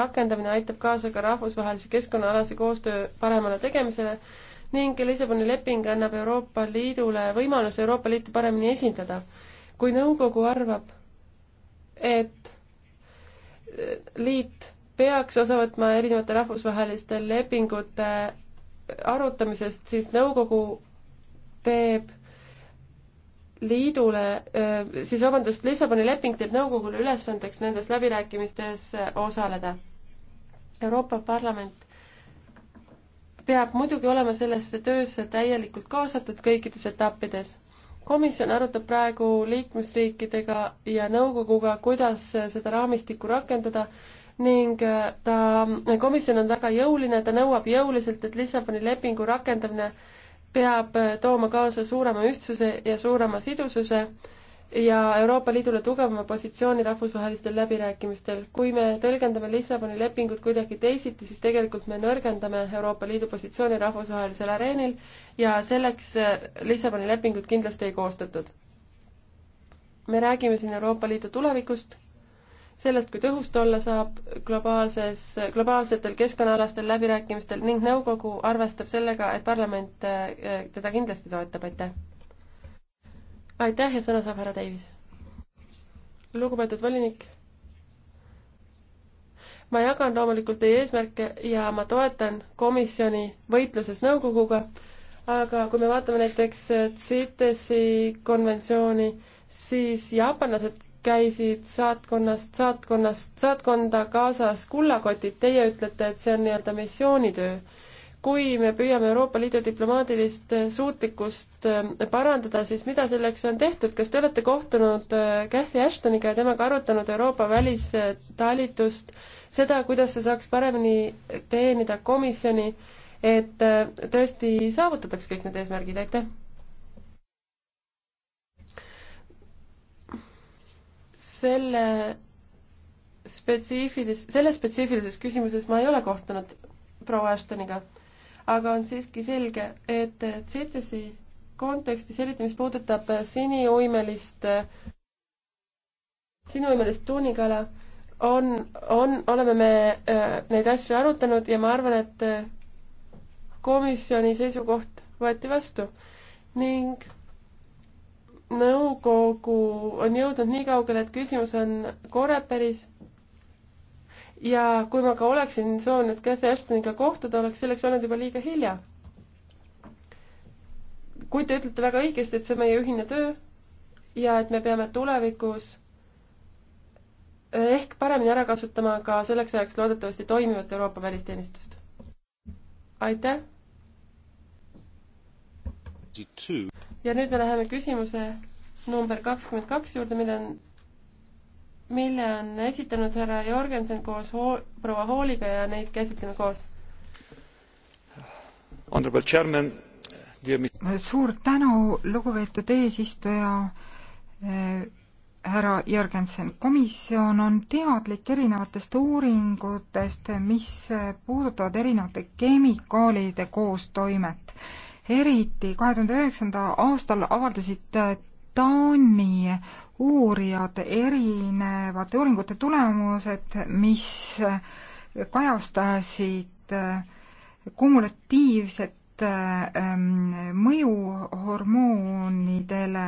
rakendamine aitab kaasa ka rahvusvahelise keskkonnaalase koostöö paremale tegemisele ning Lissaboni leping annab Euroopa Liidule võimaluse Euroopa Liitu paremini esindada. kui nõukogu arvab, et liit peaks osa võtma erinevate rahvusvaheliste lepingute arutamisest, siis nõukogu teeb liidule, siis vabandust, Lissaboni leping teeb nõukogule ülesandeks nendes läbirääkimistes osaleda. Euroopa Parlament peab muidugi olema sellesse töösse täielikult kaasatud kõikides etappides. komisjon arutab praegu liikmesriikidega ja nõukoguga, kuidas seda raamistikku rakendada ning ta, komisjon on väga jõuline, ta nõuab jõuliselt, et Lissaboni lepingu rakendamine äh, peab tooma kaasa suurema ühtsuse ja suurema sidususe ja Euroopa Liidule tugevama positsiooni rahvusvahelistel läbirääkimistel. kui me tõlgendame Lissaboni lepingut kuidagi teisiti, siis tegelikult me nõrgendame Euroopa Liidu positsiooni rahvusvahelisel areenil ja selleks Lissaboni lepingut kindlasti ei koostatud. me räägime siin Euroopa Liidu tulevikust sellest, kui tõhus ta olla saab globaalses, globaalsetel keskkonnaalastel läbirääkimistel ning nõukogu arvestab sellega, et parlament äh, teda kindlasti toetab, aitäh. aitäh ja sõna saab härra Davis. lugupeetud volinik, ma jagan loomulikult teie eesmärke ja ma toetan komisjoni võitluses nõukoguga, aga kui me vaatame näiteks CITES-i konventsiooni, siis jaapanlased käisid saatkonnast saatkonnast saatkonda kaasas kullakotid, teie ütlete, et see on nii-öelda missioonitöö. kui me püüame Euroopa Liidu diplomaatilist suutlikkust äh, parandada, siis mida selleks on tehtud, kas te olete kohtunud äh, Cathy Ashtoniga ja temaga arutanud Euroopa välistalitust, seda, kuidas see saaks paremini teenida komisjoni, et äh, tõesti saavutataks kõik need eesmärgid, aitäh! selle spetsiifilis-, selles spetsiifilises küsimuses ma ei ole kohtunud proua Ashtoniga, aga on siiski selge, et CETES-i kontekstis, eriti mis puudutab siniuimelist, siniuimelist tuunikala, on, on, oleme me äh, neid asju arutanud ja ma arvan, et komisjoni seisukoht võeti vastu ning nõukogu on jõudnud nii kaugele, et küsimus on Koreperis ja kui ma ka oleksin soovinud Cathy Ashtoniga kohtuda, oleks selleks olnud juba liiga hilja. kuid te ütlete väga õigesti, et see on meie ühine töö ja et me peame tulevikus ehk paremini ära kasutama ka selleks ajaks loodetavasti toimivat Euroopa välisteenistust. aitäh! ja nüüd me läheme küsimuse number kakskümmend kaks juurde, mille on, mille on esitanud härra Jorgensen koos hoo, proua Hooliga ja neid käsitleme koos. suur tänu, lugupeetud eesistuja eh, härra Jörgensen, komisjon on teadlik erinevatest uuringutest, mis puudutavad erinevate kemikaalide koostoimet eriti kahe tuhande üheksanda aastal avaldasid äh, Taani uurijad erinevate uuringute tulemused, mis äh, kajastasid äh, kumulatiivset ähm, mõju hormoonidele,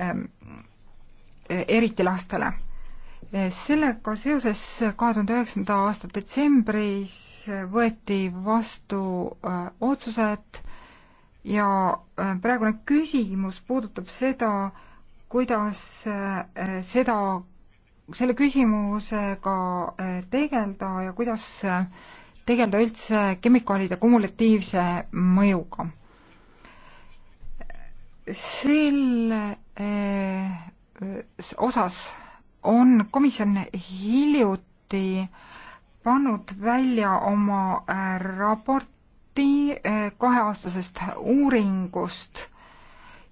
ähm, eriti lastele. sellega seoses kahe tuhande üheksanda aasta detsembris võeti vastu otsused ja äh, praegune küsimus puudutab seda, kuidas äh, seda, selle küsimusega äh, tegeleda ja kuidas tegeleda üldse kemikaalide kumulatiivse mõjuga. selle osas on komisjon hiljuti pannud välja oma raporti, hiljuti eh, kaheaastasest uuringust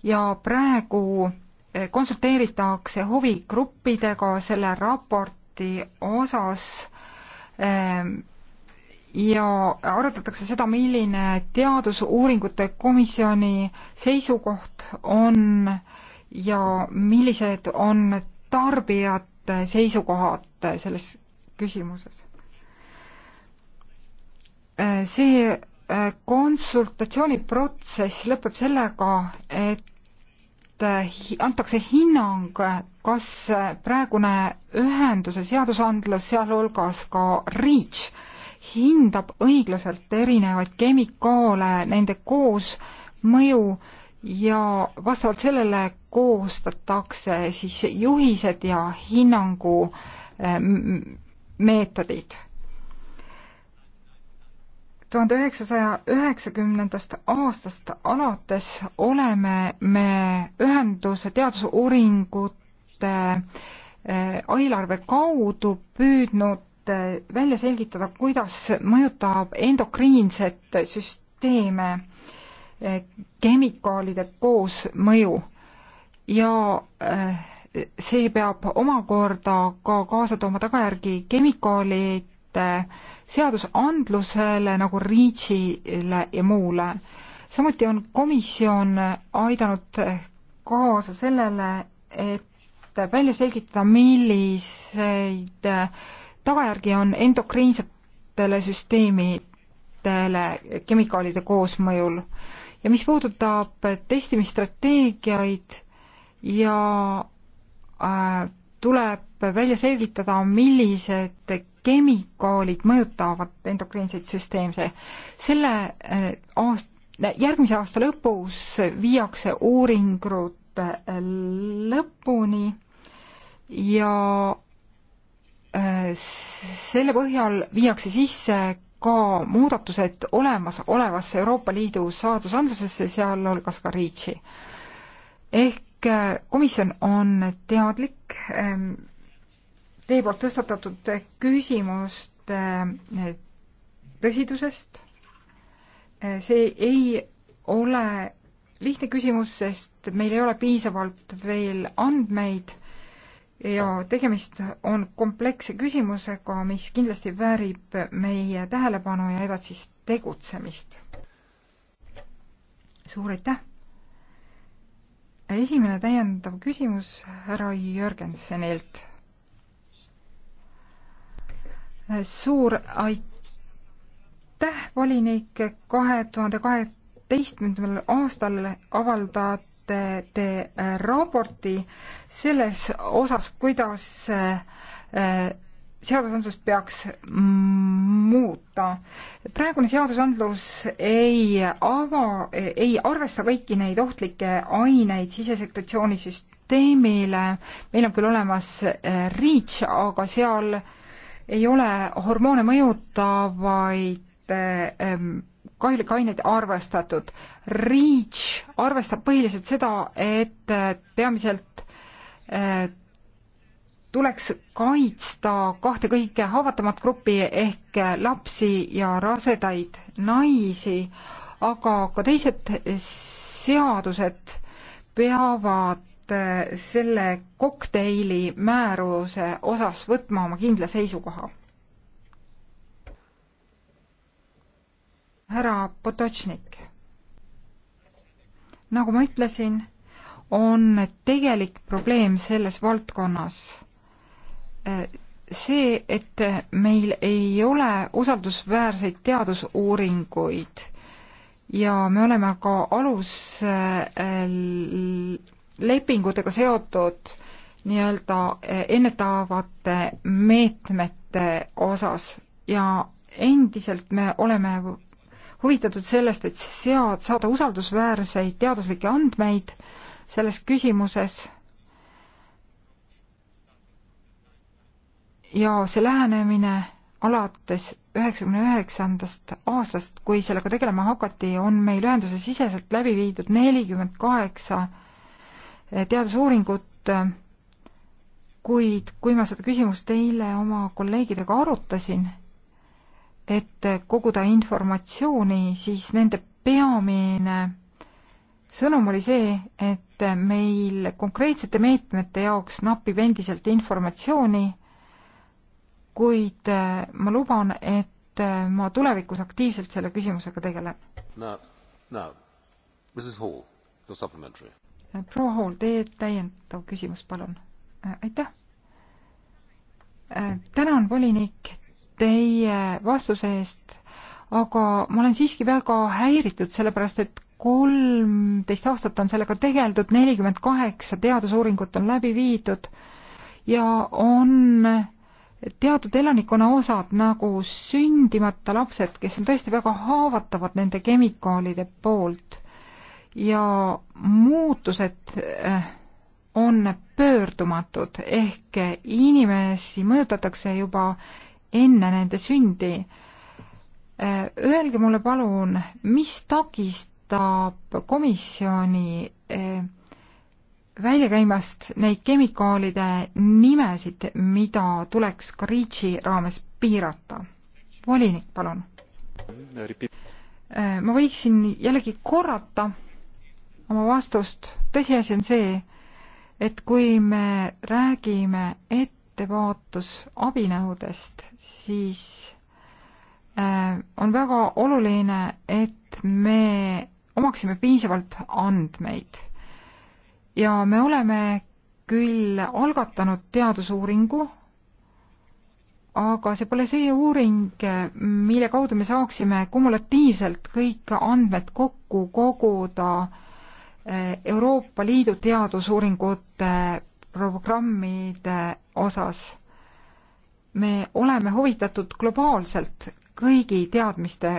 ja praegu eh, konsulteeritakse huvigruppidega selle raporti osas eh, ja arutatakse seda, milline teadusuuringute komisjoni seisukoht on ja millised on tarbijate seisukohad selles küsimuses. see Äh, konsultatsiooniprotsess lõpeb sellega, et äh, antakse hinnang, kas äh, praegune ühenduse seadusandlus, sealhulgas ka REACH, hindab õiglaselt erinevaid kemikaale, nende koosmõju ja vastavalt sellele koostatakse siis juhised ja hinnangu meetodid tuhande üheksasaja üheksakümnendast aastast alates oleme me ühenduse teadusuuringute eelarve eh, kaudu püüdnud eh, välja selgitada, kuidas mõjutab endokriinset süsteeme eh, kemikaalide koosmõju ja see peab omakorda ka kaasa tooma tagajärgi kemikaalid mõte seadusandlusele nagu REACH-ile ja muule. samuti on komisjon aidanud kaasa sellele, et välja selgitada, milliseid tagajärgi on endokriinsetele süsteemidele kemikaalide koosmõjul. ja mis puudutab testimisstrateegiaid ja äh, tuleb välja selgitada, millised kemikaalid mõjutavad endokriinseid süsteemse. selle äh, aast-, järgmise aasta lõpus viiakse uuringud äh, lõpuni ja äh, selle põhjal viiakse sisse ka muudatused olemasolevasse Euroopa Liidu saadusandlusesse, sealhulgas ka REACH-i. ehk komisjon on teadlik ähm, teie poolt tõstatatud küsimuste eh, tõsidusest. Eh, see ei ole lihtne küsimus, sest meil ei ole piisavalt veel andmeid ja tegemist on kompleksse küsimusega, mis kindlasti väärib meie tähelepanu ja edasist tegutsemist. suur aitäh! esimene täiendav küsimus härra Jörgensenilt suur aitäh, volinik, kahe tuhande kaheteistkümnendal aastal avaldate te äh, raporti selles osas, kuidas äh, seadusandlust peaks muuta. praegune seadusandlus ei ava, ei arvesta kõiki neid ohtlikke aineid sisesekretsioonisüsteemile, meil on küll olemas äh, REACH, aga seal äh, ei ole hormoone mõjutavaid ehm, kahjulikke aineid arvestatud. REACH arvestab põhiliselt seda, et eh, peamiselt eh, tuleks kaitsta kahte kõige haavatavat gruppi ehk lapsi ja rasedaid naisi, aga ka teised seadused peavad et eh, selle kokteili määruse osas võtma oma kindla seisukoha. härra Potočnik, nagu ma ütlesin, on tegelik probleem selles valdkonnas eh, see, et meil ei ole usaldusväärseid teadusuuringuid ja me oleme ka alus eh, lepingutega seotud nii-öelda eh, ennetavate meetmete osas ja endiselt me oleme huvitatud sellest, et sead, saada usaldusväärseid teaduslikke andmeid selles küsimuses ja see lähenemine alates üheksakümne üheksandast aastast, kui sellega tegelema hakati, on meil ühenduse siseselt läbi viidud nelikümmend kaheksa teadusuuringut, kuid kui ma seda küsimust eile oma kolleegidega arutasin, et koguda informatsiooni, siis nende peamine sõnum oli see, et meil konkreetsete meetmete jaoks napib endiselt informatsiooni, kuid ma luban, et ma tulevikus aktiivselt selle küsimusega tegelen. Now, now, Mrs Hall, your supplementary proua Hall, teie täiendav küsimus, palun. Äh, aitäh. Äh, tänan, volinik, teie vastuse eest, aga ma olen siiski väga häiritud, sellepärast et kolmteist aastat on sellega tegeldud, nelikümmend kaheksa teadusuuringut on läbi viidud ja on teatud elanikkonna osad nagu sündimata lapsed, kes on tõesti väga haavatavad nende kemikaalide poolt ja muutused eh, on pöördumatud ehk inimesi mõjutatakse juba enne nende sündi. Eh, öelge mulle palun, mis takistab komisjoni eh, välja käimast neid kemikaalide nimesid, mida tuleks ka REACH-i raames piirata? volinik, palun. ma võiksin jällegi korrata oma vastust. tõsiasi on see, et kui me räägime ettevaatusabinõudest, siis äh, on väga oluline, et me omaksime piisavalt andmeid. ja me oleme küll algatanud teadusuuringu, aga see pole see uuring, mille kaudu me saaksime kumulatiivselt kõik andmed kokku koguda äh, Euroopa Liidu teadusuuringute programmide osas. me oleme huvitatud globaalselt kõigi teadmiste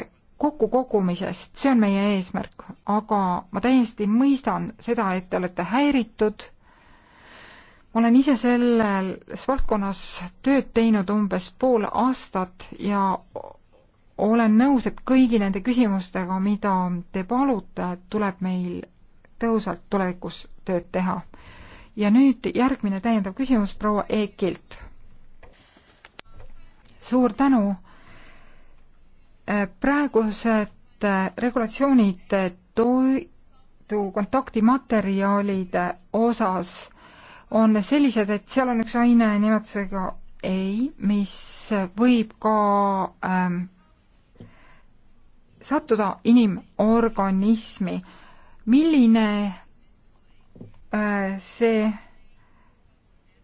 kokkukogumisest, see on meie eesmärk, aga ma täiesti mõistan seda, et te olete häiritud ma olen ise selles valdkonnas tööd teinud umbes pool aastat ja olen nõus, et kõigi nende küsimustega, mida te palute, tuleb meil tõhusalt tulevikus tööd teha. ja nüüd järgmine täiendav küsimus proua Eekilt. suur tänu. praegused äh, regulatsioonid äh, toidu kontaktimaterjalide osas on sellised, et seal on üks aine nimetusega ei, mis võib ka ähm, sattuda inimorganismi äh, milline äh, see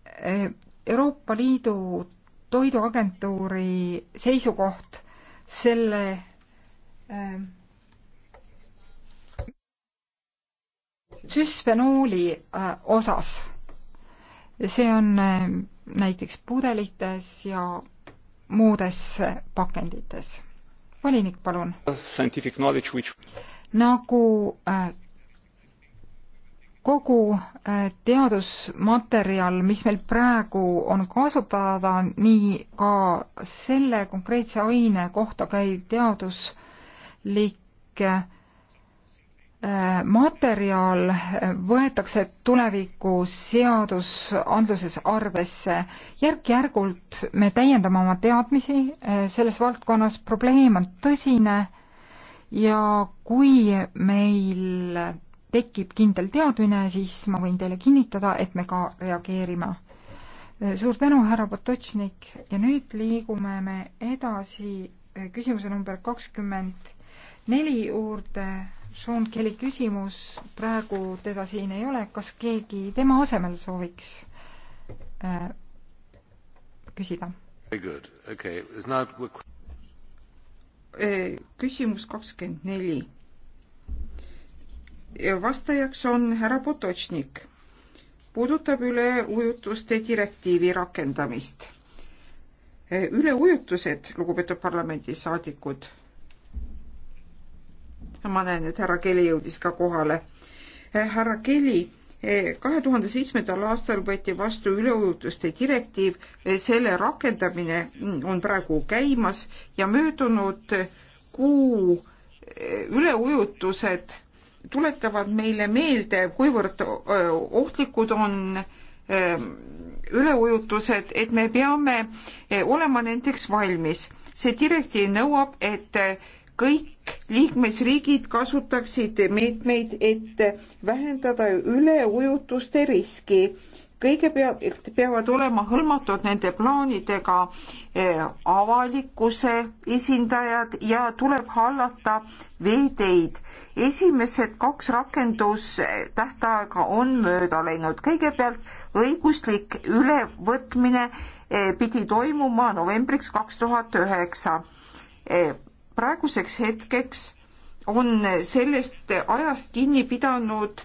äh, Euroopa Liidu toiduagentuuri seisukoht selle äh, süsfenooli osas. see on näiteks pudelites ja muudes pakendites. volinik, palun. Which... nagu kogu äh, teadusmaterjal, mis meil praegu on kasutada, nii ka selle konkreetse aine kohta käiv teaduslik äh, materjal võetakse tulevikus seadusandluses arvesse. järk-järgult me täiendame oma teadmisi äh, selles valdkonnas, probleem on tõsine ja kui meil tekib kindel teadmine, siis ma võin teile kinnitada, et me ka reageerime. suur tänu, härra Potočnik ja nüüd liigume me edasi küsimuse number kakskümmend neli juurde. Sean Kelly küsimus, praegu teda siin ei ole, kas keegi tema asemel sooviks äh, küsida? Okay. Not... Äh, küsimus kakskümmend neli vastajaks on härra Potočnik. puudutab üleujutuste direktiivi rakendamist. E, üleujutused, lugupeetud parlamendisaadikud. ma näen, et härra Keli jõudis ka kohale. E, härra Keli e, kahe tuhande seitsmendal aastal võeti vastu üleujutuste direktiiv, selle rakendamine on praegu käimas ja möödunud kuu üleujutused tuletavad meile meelde, kuivõrd ohtlikud on üleujutused, et me peame olema nendeks valmis. see direktiiv nõuab, et kõik liikmesriigid kasutaksid meetmeid, et vähendada üleujutuste riski kõigepealt peavad olema hõlmatud nende plaanidega eh, avalikkuse esindajad ja tuleb hallata veeteid. esimesed kaks rakendustähtaega on mööda läinud. kõigepealt õiguslik ülevõtmine eh, pidi toimuma novembriks kaks tuhat üheksa. Eh, praeguseks hetkeks on sellest ajast kinni pidanud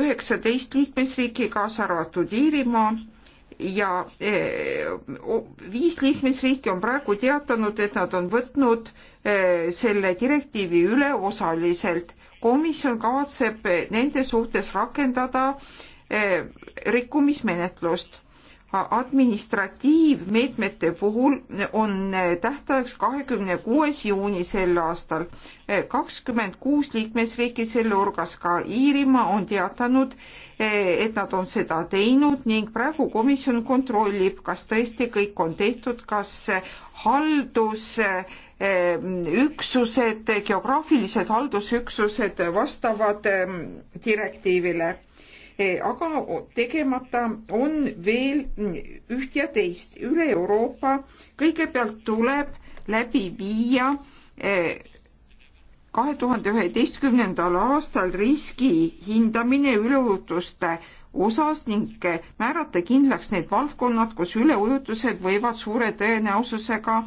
üheksateist liikmesriiki, kaasa arvatud Iirimaa ja eh, viis liikmesriiki on praegu teatanud, et nad on võtnud eh, selle direktiivi üle osaliselt. komisjon kavatseb nende suhtes rakendada eh, rikkumismenetlust administratiivmeetmete puhul on tähtajaks kahekümne kuues juuni sel aastal. kakskümmend kuus liikmesriiki, selle hulgas ka Iirimaa, on teatanud, et nad on seda teinud ning praegu komisjon kontrollib, kas tõesti kõik on tehtud, kas haldusüksused, geograafilised haldusüksused vastavad ehm, direktiivile aga tegemata on veel üht ja teist üle Euroopa. kõigepealt tuleb läbi viia eh, kahe tuhande üheteistkümnendal aastal riski hindamine üleujutuste osas ning eh, määrata kindlaks need valdkonnad, kus üleujutused võivad suure tõenäosusega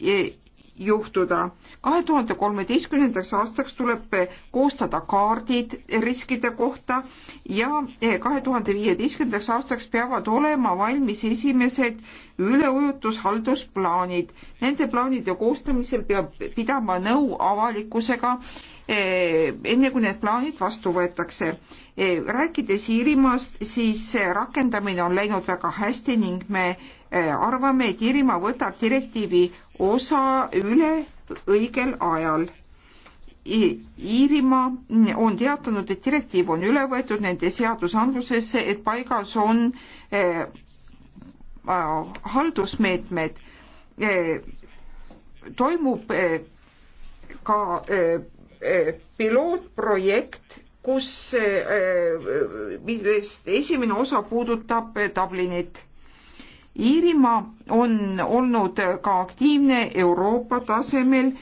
eh, juhtuda. kahe tuhande kolmeteistkümnendaks aastaks tuleb eh, koostada kaardid riskide kohta ja eh, kahe tuhande viieteistkümnendaks aastaks peavad olema valmis esimesed üleujutushaldusplaanid. Nende plaanide koostamisel peab pidama nõu avalikkusega, eh, enne kui need plaanid vastu võetakse. rääkides Iirimaast, siis rakendamine on läinud väga hästi ning me Äh, arvame, et Irma võtab direktiivi osa üle õigel ajal. Iirimaa on teatanud, et direktiiv on üle võetud nende seadusandlusesse, et paigas on eh, haldusmeetmed eh,. toimub eh, ka eh, pilootprojekt kus, millest esimene osa puudutab Dublinit. Iirimaa on olnud ka aktiivne Euroopa tasemel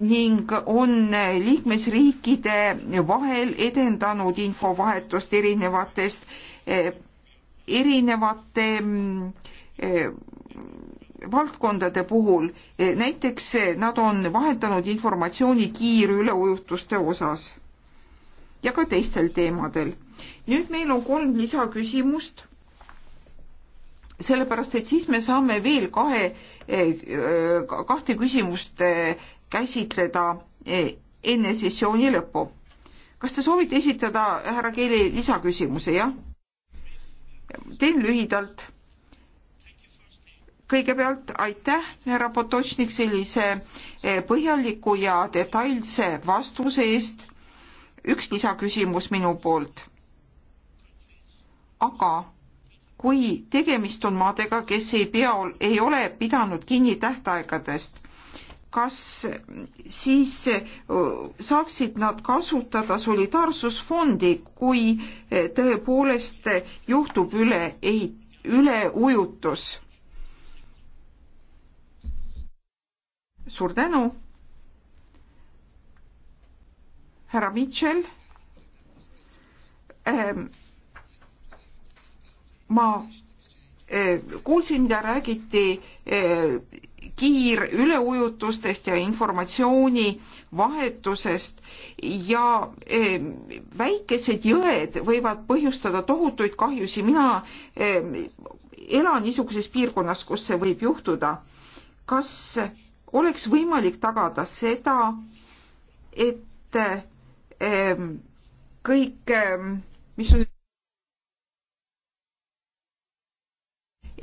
ning on liikmesriikide vahel edendanud infovahetust erinevatest, eh, erinevate eh, valdkondade puhul. Eh, näiteks nad on vahetanud informatsiooni kiirüleujutuste osas ja ka teistel teemadel. nüüd meil on kolm lisaküsimust sellepärast, et siis me saame veel kahe, kahte küsimust eh, käsitleda eh, enne sessiooni lõppu. kas te soovite esitada härra Keeli lisaküsimuse, jah? teen lühidalt. kõigepealt aitäh, härra Potočnik, sellise eh, põhjaliku ja detailse vastuse eest. üks lisaküsimus minu poolt. aga kui tegemist on maadega, kes ei pea, ei ole pidanud kinni tähtaegadest, kas siis saaksid nad kasutada solidaarsusfondi, kui tõepoolest juhtub üle, ei, üleujutus? suur tänu. härra Mitchell ähm, ma e, kuulsin, mida räägiti e, kiirüleujutustest ja informatsiooni vahetusest ja e, väikesed jõed võivad põhjustada tohutuid kahjusi. mina elan niisuguses piirkonnas, kus see võib juhtuda. kas oleks võimalik tagada seda, et kõik, mis on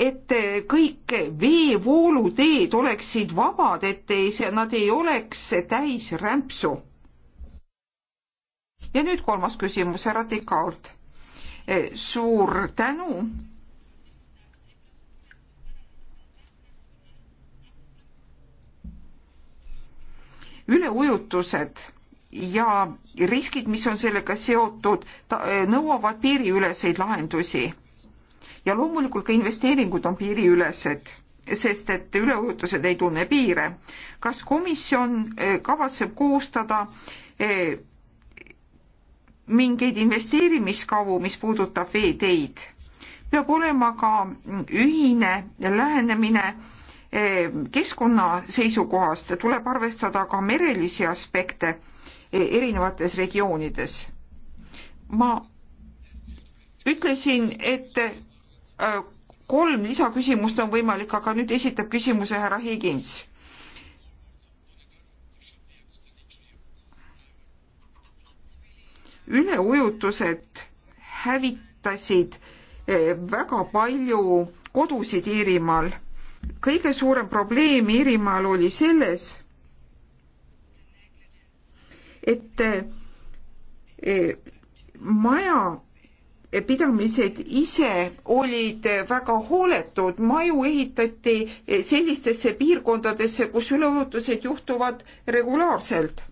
et kõik veevooluteed oleksid vabad, et ei, nad ei oleks täis rämpsu. ja nüüd kolmas küsimus härra Tikault. E, suur tänu. üleujutused ja riskid, mis on sellega seotud, nõuavad piiriüleseid lahendusi ja loomulikult ka investeeringud on piiriülesed sest et üleujutused ei tunne piire. kas komisjon eh, kavatseb koostada eh, mingeid investeerimiskavu, mis puudutab veeteid? peab olema ka ühine lähenemine eh, keskkonna seisukohast, tuleb arvestada ka merelisi aspekte erinevates regioonides. ma ütlesin, et Äh, kolm lisaküsimust on võimalik, aga nüüd esitab küsimuse härra Higins. üleujutused hävitasid äh, väga palju kodusid Iirimaal. kõige suurem probleem Iirimaal oli selles, et äh, maja pidamised ise olid väga hooletud, maju ehitati sellistesse piirkondadesse, kus üleujutused juhtuvad regulaarselt.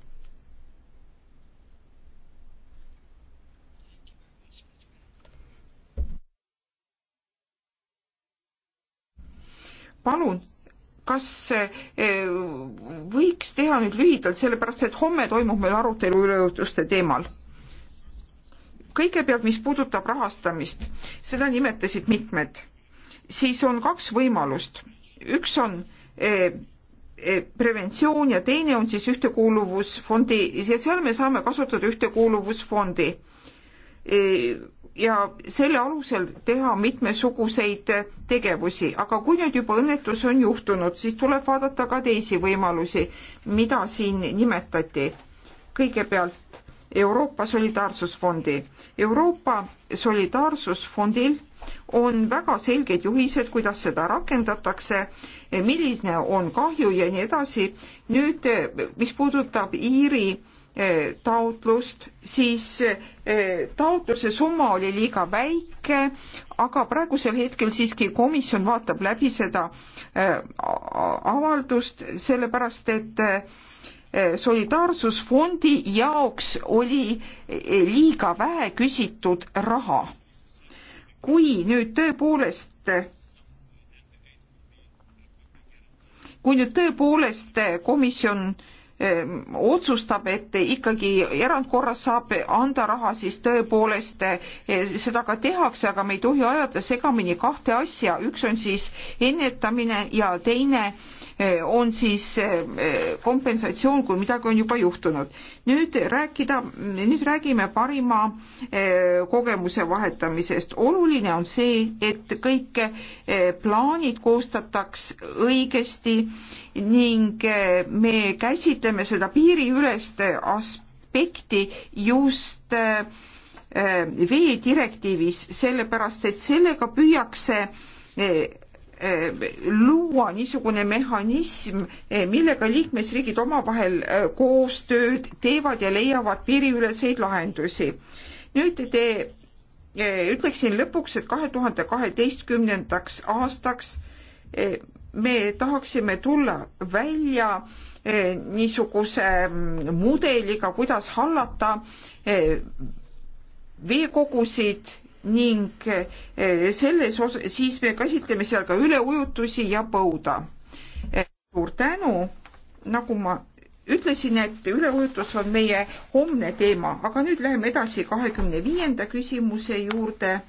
palun, kas eh, võiks teha nüüd lühidalt, sellepärast et homme toimub meil arutelu üleujutuste teemal kõigepealt, mis puudutab rahastamist, seda nimetasid mitmed, siis on kaks võimalust. üks on eh, eh, preventsioon ja teine on siis ühtekuuluvusfondi ja seal me saame kasutada ühtekuuluvusfondi eh, ja selle alusel teha mitmesuguseid tegevusi, aga kui nüüd juba õnnetus on juhtunud, siis tuleb vaadata ka teisi võimalusi, mida siin nimetati. kõigepealt Euroopa Solidaarsusfondi. Euroopa Solidaarsusfondil on väga selged juhised, kuidas seda rakendatakse, milline on kahju ja nii edasi. nüüd, mis puudutab Iiri eh, taotlust, siis eh, taotluse summa oli liiga väike, aga praegusel hetkel siiski komisjon vaatab läbi seda eh, avaldust, sellepärast et solidaarsusfondi jaoks oli liiga vähe küsitud raha. kui nüüd tõepoolest kui nüüd tõepoolest komisjon Ehm, otsustab, et ikkagi erandkorras saab anda raha, siis tõepoolest eh, seda ka tehakse, aga me ei tohi ajada segamini kahte asja, üks on siis ennetamine ja teine eh, on siis eh, kompensatsioon, kui midagi on juba juhtunud. nüüd rääkida, nüüd räägime parima kogemuse vahetamisest. oluline on see, et kõik plaanid koostataks õigesti ning eh, me käsitleme seda piiriülest aspekti just eh, eh, veedirektiivis, sellepärast et sellega püüakse luua niisugune mehhanism, millega liikmesriigid omavahel koostööd teevad ja leiavad piiriüleseid lahendusi. nüüd te, ütleksin lõpuks, et kahe tuhande kaheteistkümnendaks aastaks me tahaksime tulla välja eh, niisuguse mm, mudeliga, kuidas hallata eh, veekogusid ning eh, selles os-, siis me käsitleme seal ka üleujutusi ja põuda. suur tänu, nagu ma ütlesin, et üleujutus on meie homne teema, aga nüüd läheme edasi kahekümne viienda küsimuse juurde.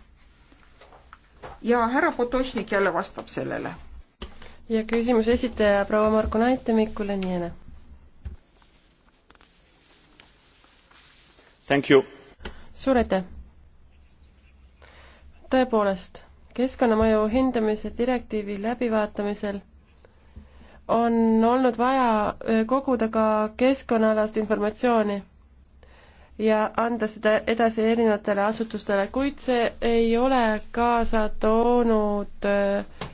ja härra Potošnik jälle vastab sellele ja küsimuse esitaja proua Marko Naite Mikule Niene. suur aitäh! tõepoolest, keskkonnamõju hindamise direktiivi läbivaatamisel on olnud vaja koguda ka keskkonnaalast informatsiooni ja anda seda edasi erinevatele asutustele, kuid see ei ole kaasa toonud äh,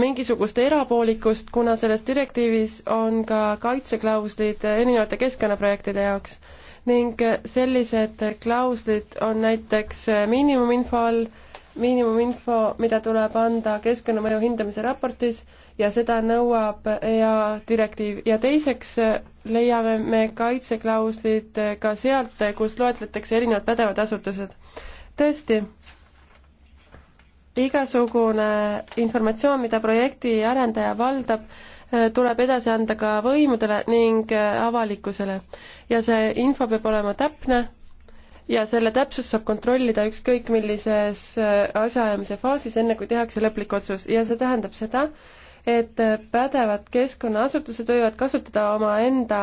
mingisugust erapoolikust, kuna selles direktiivis on ka kaitseklauslid äh, erinevate keskkonnaprojektide jaoks ning äh, sellised klauslid on näiteks äh, miinimuminfo all, miinimuminfo, mida tuleb anda keskkonnamõju hindamise raportis ja seda nõuab EA direktiiv ja teiseks leiame me kaitseklauslid ka sealt, kus loetletakse erinevad pädevad asutused. tõesti igasugune informatsioon, mida projekti arendaja valdab, äh, tuleb edasi anda ka võimudele ning äh, avalikkusele. ja see info peab olema täpne ja selle täpsust saab kontrollida ükskõik millises äh, asjaajamise faasis, enne kui tehakse lõplik otsus ja see tähendab seda, et pädevad keskkonnaasutused võivad kasutada omaenda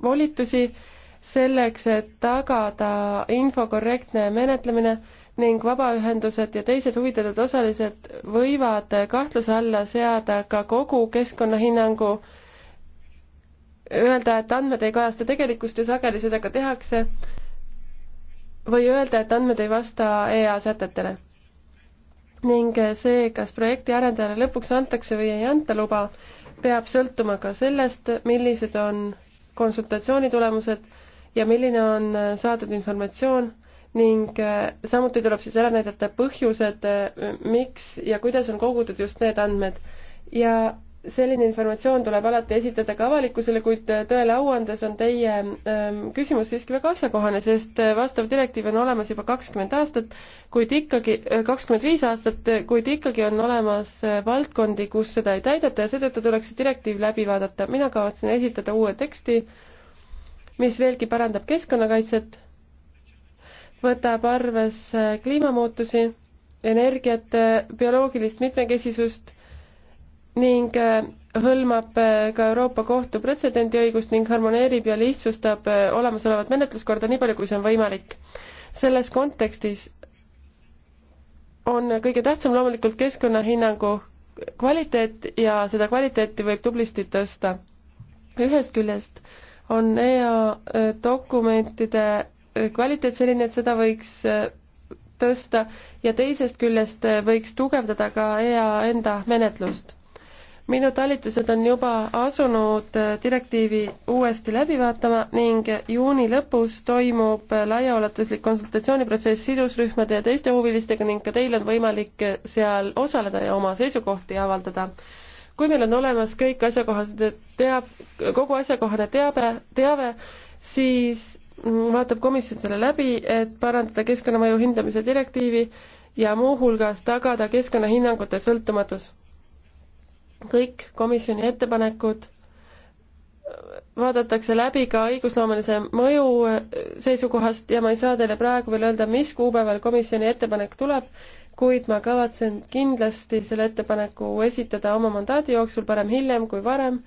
volitusi selleks, et tagada info korrektne menetlemine ning vabaühendused ja teised huvitatud osalised võivad kahtluse alla seada ka kogu keskkonnahinnangu, öelda, et andmed ei kajasta tegelikkust ja sageli seda ka tehakse, või öelda, et andmed ei vasta EA sätetele. ning see, kas projekti arendajale lõpuks antakse või ei anta luba, peab sõltuma ka sellest, millised on konsultatsiooni tulemused ja milline on saadud informatsioon ning äh, samuti tuleb siis ära näidata põhjused, äh, miks ja kuidas on kogutud just need andmed. ja selline informatsioon tuleb alati esitada ka avalikkusele, kuid äh, tõele au andes on teie ähm, küsimus siiski väga asjakohane, sest vastav direktiiv on olemas juba kakskümmend aastat, kuid ikkagi, kakskümmend viis aastat, kuid ikkagi on olemas valdkondi, kus seda ei täideta ja seetõttu tuleks see direktiiv läbi vaadata. mina kavatsen esitada uue teksti, mis veelgi parandab keskkonnakaitset võtab arvesse kliimamuutusi, energiat, bioloogilist mitmekesisust ning äh, hõlmab äh, ka Euroopa Kohtu pretsedendiõigust ning harmoneerib ja lihtsustab äh, olemasolevat menetluskorda nii palju, kui see on võimalik. selles kontekstis on kõige tähtsam loomulikult keskkonnahinnangu kvaliteet ja seda kvaliteeti võib tublisti tõsta. ühest küljest on EA dokumentide kvaliteet selline, et seda võiks äh, tõsta ja teisest küljest äh, võiks tugevdada ka EA enda menetlust. minu talitused on juba asunud äh, direktiivi uuesti läbi vaatama ning juuni lõpus toimub laiaulatuslik konsultatsiooniprotsess sidusrühmade ja teiste huvilistega ning ka teil on võimalik seal osaleda ja oma seisukohti avaldada kui meil on olemas kõik asjakohased teab, kogu asjakohane teabe, teave, siis vaatab komisjon selle läbi, et parandada keskkonnamõju hindamise direktiivi ja muuhulgas tagada keskkonnahinnangute sõltumatus. kõik komisjoni ettepanekud vaadatakse läbi ka õigusloomelise mõju seisukohast ja ma ei saa teile praegu veel öelda, mis kuupäeval komisjoni ettepanek tuleb, kuid ma kavatsen kindlasti selle ettepaneku esitada oma mandaadi jooksul, parem hiljem kui varem,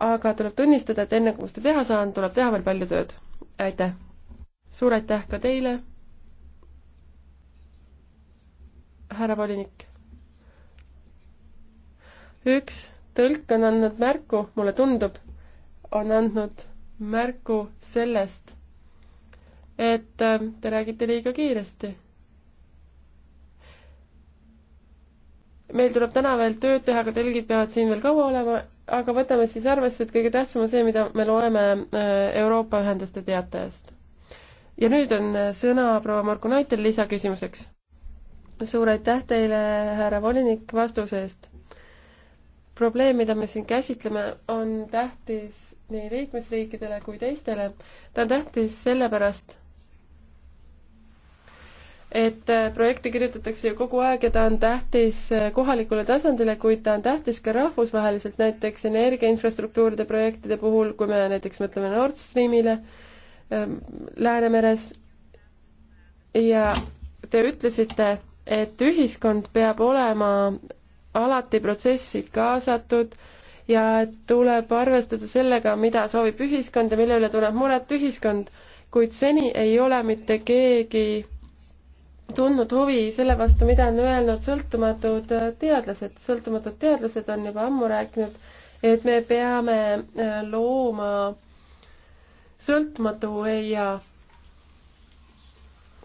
aga tuleb tunnistada, et enne kui ma seda teha saan, tuleb teha veel palju tööd aitäh! suur aitäh ka teile, härra volinik. üks tõlk on andnud märku, mulle tundub, on andnud märku sellest, et ähm, te räägite liiga kiiresti. meil tuleb täna veel tööd teha, aga tõlgid peavad siin veel kaua olema aga võtame siis arvesse, et kõige tähtsam on see, mida me loeme äh, Euroopa Ühenduste teatajast. ja nüüd on äh, sõna proua Marku Naitel lisaküsimuseks. suur aitäh teile, härra volinik, vastuse eest. probleem, mida me siin käsitleme, on tähtis nii liikmesriikidele kui teistele. ta on tähtis sellepärast, et äh, projekte kirjutatakse ju kogu aeg ja ta on tähtis äh, kohalikule tasandile, kuid ta on tähtis ka rahvusvaheliselt, näiteks energiainfrastruktuuride projektide puhul, kui me näiteks mõtleme Nord Streamile ähm, Läänemeres. ja te ütlesite, et ühiskond peab olema alati protsessi kaasatud ja et tuleb arvestada sellega, mida soovib ühiskond ja mille üle tunneb muret ühiskond, kuid seni ei ole mitte keegi tundnud huvi selle vastu, mida on öelnud sõltumatud teadlased. sõltumatud teadlased on juba ammu rääkinud, et me peame äh, looma sõltumatu ja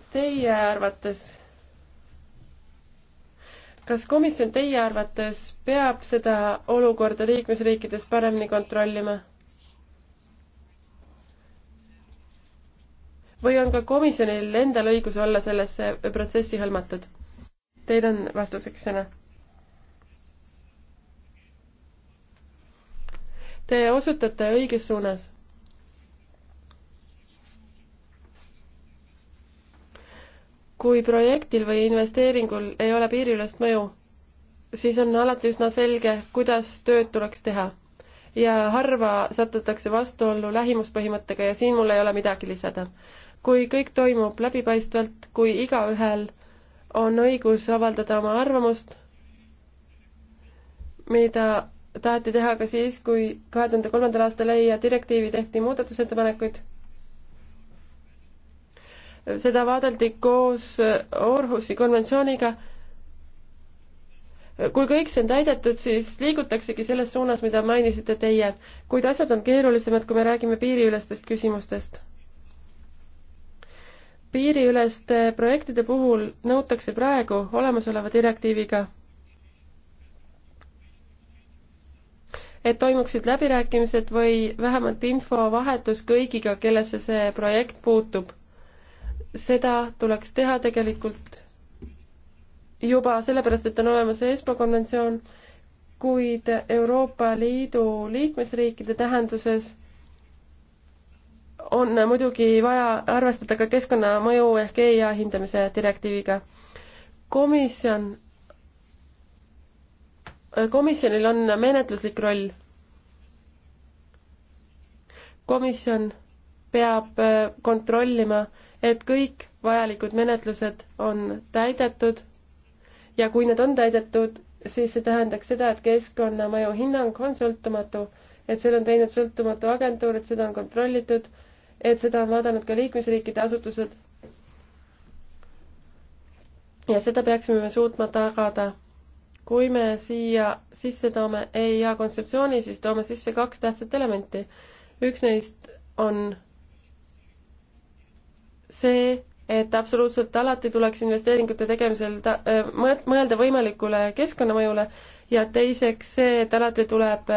e teie arvates, kas komisjon teie arvates peab seda olukorda liikmesriikides paremini kontrollima? või on ka komisjonil endal õigus olla sellesse protsessi hõlmatud? Teil on vastuseks sõna. Te osutate õiges suunas. kui projektil või investeeringul ei ole piiriülest mõju, siis on alati üsna selge, kuidas tööd tuleks teha ja harva satutakse vastuollu lähimuspõhimõttega ja siin mul ei ole midagi lisada kui kõik toimub läbipaistvalt, kui igaühel on õigus avaldada oma arvamust, mida taheti teha ka siis, kui kahe tuhande kolmandal aastal EIA direktiivi tehti muudatusettepanekuid. seda vaadeldi koos Orhusi konventsiooniga. kui kõik see on täidetud, siis liigutaksegi selles suunas, mida mainisite teie, kuid asjad on keerulisemad, kui me räägime piiriülestest küsimustest piiriüleste projektide puhul nõutakse praegu olemasoleva direktiiviga, et toimuksid läbirääkimised või vähemalt infovahetus kõigiga, kellesse see projekt puutub. seda tuleks teha tegelikult juba sellepärast, et on olemas ESPO konventsioon, kuid Euroopa Liidu liikmesriikide tähenduses on muidugi vaja arvestada ka keskkonnamõju ehk EIA hindamise direktiiviga. komisjon, komisjonil on menetluslik roll. komisjon peab äh, kontrollima, et kõik vajalikud menetlused on täidetud ja kui need on täidetud, siis see tähendaks seda, et keskkonnamõju hinnang on sõltumatu, et selle on teinud sõltumatu agentuur, et seda on kontrollitud et seda on vaadanud ka liikmesriikide asutused. ja seda peaksime me suutma tagada. kui me siia sisse toome EIA kontseptsiooni, siis toome sisse kaks tähtsat elementi. üks neist on see, et absoluutselt alati tuleks investeeringute tegemisel ta-, mõelda võimalikule keskkonnamõjule ja teiseks see, et alati tuleb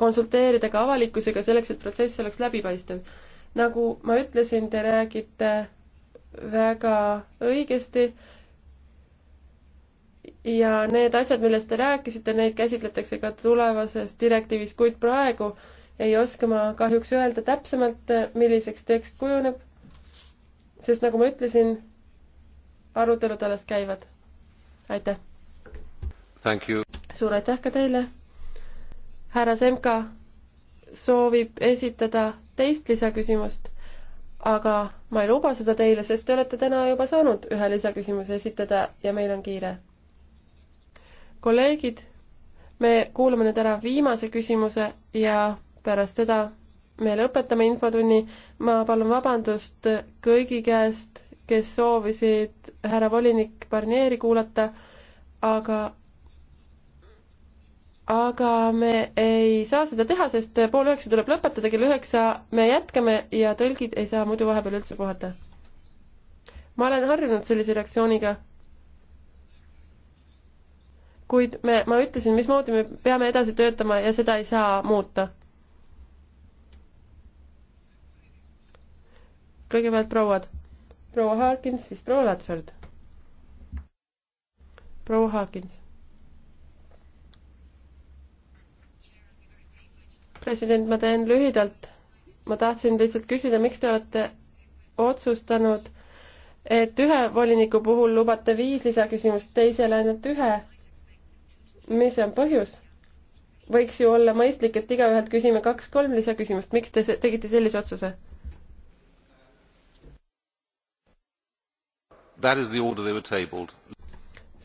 konsulteerida ka avalikkusega selleks, et protsess oleks läbipaistev. nagu ma ütlesin, te räägite väga õigesti ja need asjad, millest te rääkisite, neid käsitletakse ka tulevases direktiivis, kuid praegu ei oska ma kahjuks öelda täpsemalt, milliseks tekst kujuneb, sest nagu ma ütlesin, arutelud alles käivad. aitäh! suur aitäh ka teile! härra Semka soovib esitada teist lisaküsimust, aga ma ei luba seda teile, sest te olete täna juba saanud ühe lisaküsimuse esitada ja meil on kiire. kolleegid, me kuulame nüüd ära viimase küsimuse ja pärast seda me lõpetame infotunni. ma palun vabandust kõigi käest, kes soovisid härra volinik Barnieri kuulata, aga aga me ei saa seda teha, sest pool üheksa tuleb lõpetada, kell üheksa me jätkame ja tõlgid ei saa muidu vahepeal üldse puhata. ma olen harjunud sellise reaktsiooniga. kuid me, ma ütlesin, mismoodi me peame edasi töötama ja seda ei saa muuta kõigepealt prouad. proua Harkins, siis proua Ladford. proua Harkins president, ma teen lühidalt. ma tahtsin lihtsalt küsida, miks te olete otsustanud, et ühe voliniku puhul lubate viis lisaküsimust, teisele ainult ühe. mis on põhjus? võiks ju olla mõistlik, et igaühelt küsime kaks-kolm lisaküsimust, miks te tegite sellise otsuse?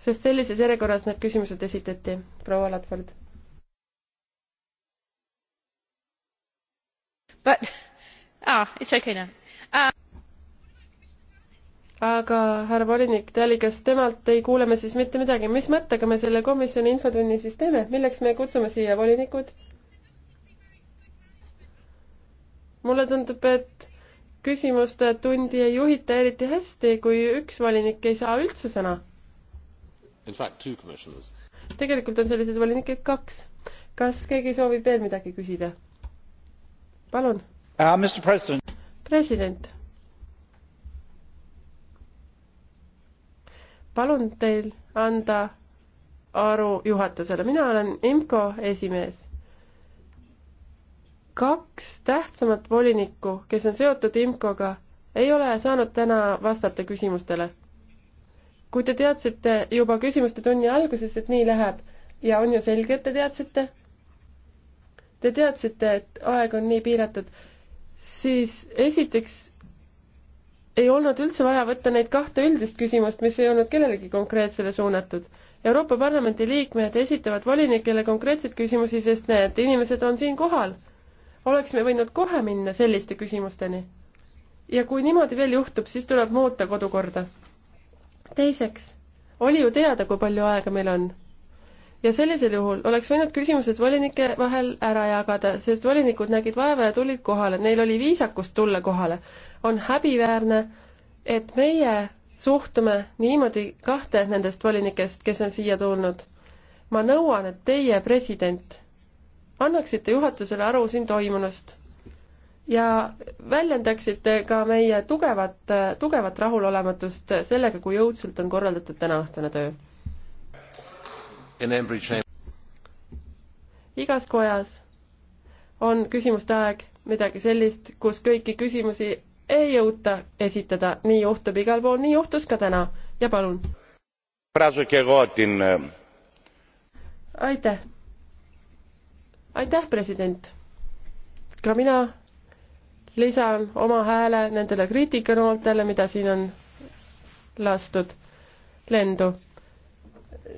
sest sellises järjekorras need küsimused esitati, proua Ladford But ah, it's okay now uh.... aga härra volinik Tali, kas temalt ei kuule me siis mitte midagi, mis mõttega me selle komisjoni infotunni siis teeme, milleks me kutsume siia volinikud? mulle tundub, et küsimuste tundi ei juhita eriti hästi, kui üks volinik ei saa üldse sõna. tegelikult on selliseid volinikke kaks. kas keegi soovib veel midagi küsida? palun uh,. president. palun teil anda aru juhatusele, mina olen IMCO esimees. kaks tähtsamat volinikku, kes on seotud IMCO-ga, ei ole saanud täna vastata küsimustele. kui te teadsite juba küsimuste tunni alguses, et nii läheb ja on ju selge, et te teadsite te teadsite, et aeg on nii piiratud, siis esiteks ei olnud üldse vaja võtta neid kahte üldist küsimust, mis ei olnud kellelegi konkreetsele suunatud. Euroopa Parlamendi liikmed esitavad volinikele konkreetseid küsimusi, sest need inimesed on siin kohal. oleksime võinud kohe minna selliste küsimusteni. ja kui niimoodi veel juhtub, siis tuleb muuta kodukorda. teiseks, oli ju teada, kui palju aega meil on ja sellisel juhul oleks võinud küsimused volinike vahel ära jagada, sest volinikud nägid vaeva ja tulid kohale, neil oli viisakust tulla kohale. on häbiväärne, et meie suhtume niimoodi kahte nendest volinikest, kes on siia tulnud. ma nõuan, et teie, president, annaksite juhatusele aru siin toimunust ja väljendaksite ka meie tugevat, tugevat rahulolematust sellega, kui õudselt on korraldatud tänaõhtune töö igas kojas on küsimuste aeg midagi sellist, kus kõiki küsimusi ei jõuta esitada, nii juhtub igal pool, nii juhtus ka täna ja palun. Eh, aitäh. aitäh, president. ka mina lisan oma hääle nendele kriitikanooltele, mida siin on lastud lendu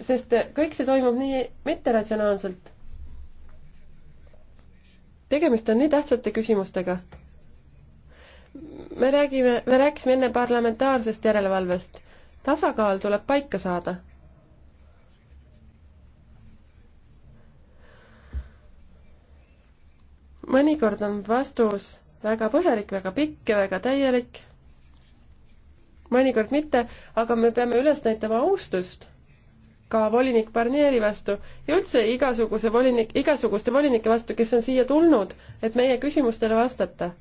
sest kõik see toimub nii mitteratsionaalselt. tegemist on nii tähtsate küsimustega. me räägime, me rääkisime enne parlamentaarsest järelevalvest. tasakaal tuleb paika saada. mõnikord on vastus väga põhjalik, väga pikk ja väga täielik mõnikord mitte, aga me peame üles näitama austust ka volinik Barnieri vastu ja üldse igasuguse volinik, igasuguste volinike vastu, kes on siia tulnud, et meie küsimustele vastata.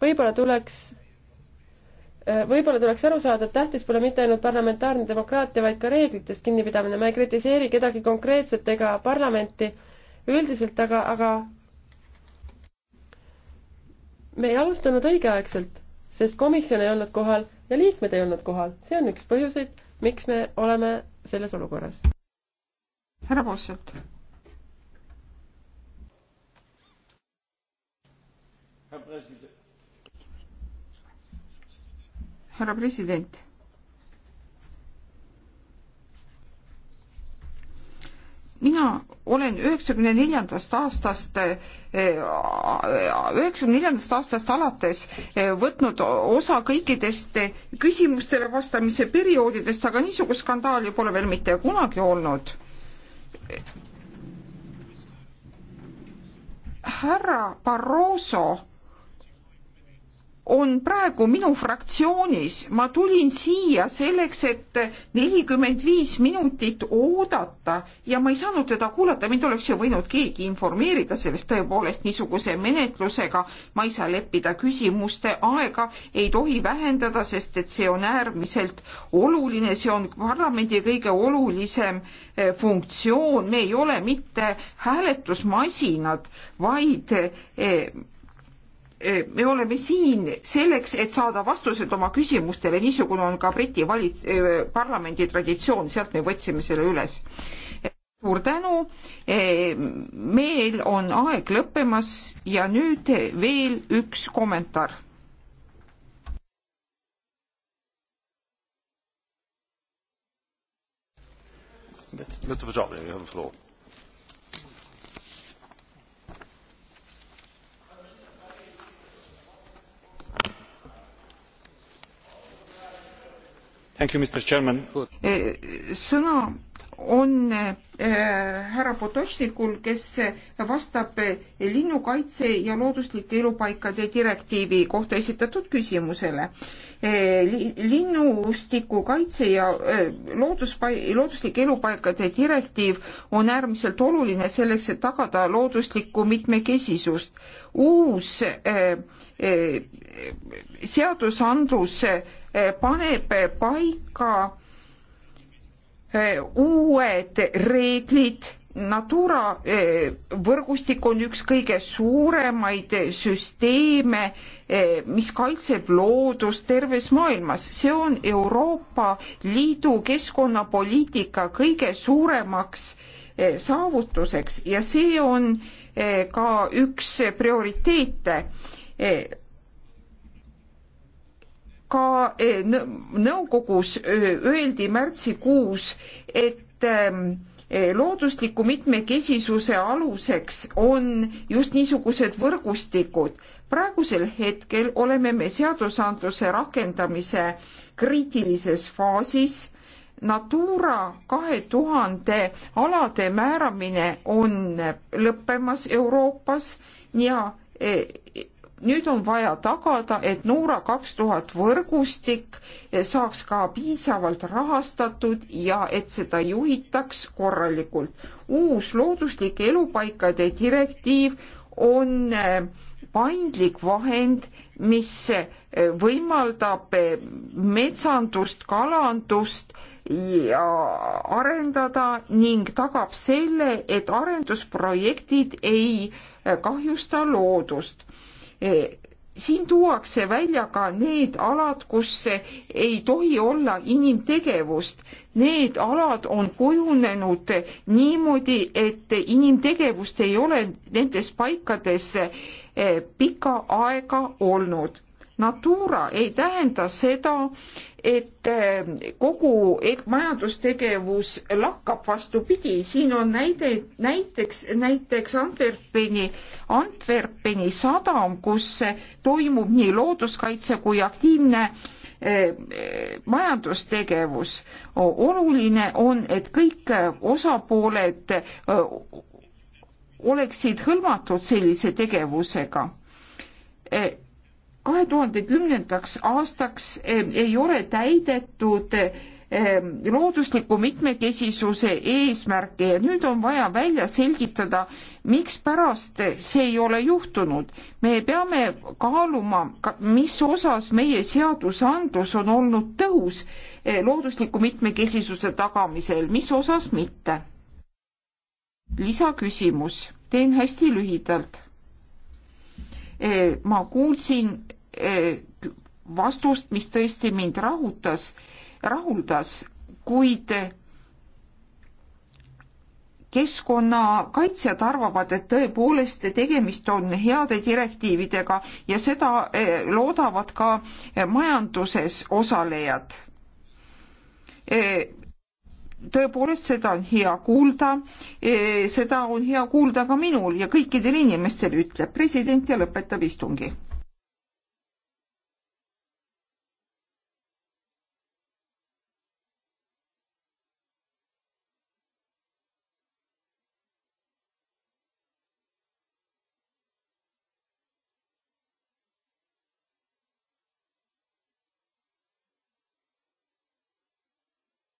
võib-olla tuleks, äh, võib-olla tuleks aru saada, et tähtis pole mitte ainult parlamentaarne demokraatia, vaid ka reeglitest kinnipidamine, ma ei kritiseeri kedagi konkreetset ega parlamenti üldiselt, aga, aga me ei alustanud õigeaegselt, sest komisjon ei olnud kohal ja liikmed ei olnud kohal, see on üks põhjuseid miks me oleme selles olukorras? härra Vossalt. härra president mina olen üheksakümne neljandast aastast, eh, üheksakümne neljandast aastast alates eh, võtnud osa kõikidest eh, küsimustele vastamise perioodidest, aga niisugust skandaali pole veel mitte kunagi olnud. härra Barroso on praegu minu fraktsioonis, ma tulin siia selleks, et nelikümmend viis minutit oodata ja ma ei saanud teda kuulata, mind oleks ju võinud keegi informeerida sellest tõepoolest niisuguse menetlusega. ma ei saa leppida küsimuste aega, ei tohi vähendada, sest et see on äärmiselt oluline, see on parlamendi kõige olulisem eh, funktsioon, me ei ole mitte hääletusmasinad, vaid eh, Eh, me oleme siin selleks, et saada vastused oma küsimustele, niisugune on ka Briti valits-, eh, parlamendi traditsioon, sealt me võtsime selle üles. Eh, suur tänu, meil on aeg lõppemas ja nüüd veel üks kommentaar. Mr. Pajotli, you have the floor. E, sõna on e, härra Potošnikul, kes vastab linnukaitse ja looduslike elupaikade direktiivi kohta esitatud küsimusele. E, linnustiku kaitse ja looduspai-, looduslike elupaikade direktiiv on äärmiselt oluline selleks, et tagada looduslikku mitmekesisust. uus seadusandlus paneb paika e, uued reeglid. Natura e, võrgustik on üks kõige suuremaid süsteeme, e, mis kaitseb loodust terves maailmas. see on Euroopa Liidu keskkonnapoliitika kõige suuremaks saavutuseks ja see on ka üks prioriteete ka e, nõukogus e, öeldi märtsikuus, et ähm, e, loodusliku mitmekesisuse aluseks on just niisugused võrgustikud. praegusel hetkel oleme me seadusandluse rakendamise kriitilises faasis Natura kahe tuhande alade määramine on lõppemas Euroopas ja nüüd on vaja tagada, et Noora kaks tuhat võrgustik saaks ka piisavalt rahastatud ja et seda juhitaks korralikult. uus looduslike elupaikade direktiiv on äh, paindlik vahend, mis äh, võimaldab äh, metsandust, kalandust ja arendada ning tagab selle, et arendusprojektid ei kahjusta loodust Eh, siin tuuakse välja ka need alad, kus ei tohi olla inimtegevust. Need alad on kujunenud niimoodi, et inimtegevust ei ole nendes paikades eh, pikka aega olnud. Natura ei tähenda seda, et eh, kogu e-, majandustegevus lakkab, vastupidi, siin on näide, näiteks, näiteks Antwerpeni äh, Antwerpeni sadam, kus toimub nii looduskaitse kui aktiivne eh, eh, majandustegevus. oluline on, et kõik osapooled eh, oleksid hõlmatud sellise tegevusega. kahe tuhande kümnendaks aastaks ei ole täidetud Ehm, loodusliku mitmekesisuse eesmärke ja nüüd on vaja välja selgitada, mikspärast see ei ole juhtunud. me peame kaaluma, mis osas meie seadusandlus on olnud tõhus eh, loodusliku mitmekesisuse tagamisel, mis osas mitte. lisaküsimus, teen hästi lühidalt. Eh, ma kuulsin eh, vastust, mis tõesti mind rahutas rahuldas, kuid keskkonnakaitsjad arvavad, et tõepoolest tegemist on heade direktiividega ja seda eh, loodavad ka majanduses osalejad. Eh, tõepoolest, seda on hea kuulda, eh, seda on hea kuulda ka minul ja kõikidel inimestel, ütleb president ja lõpetab istungi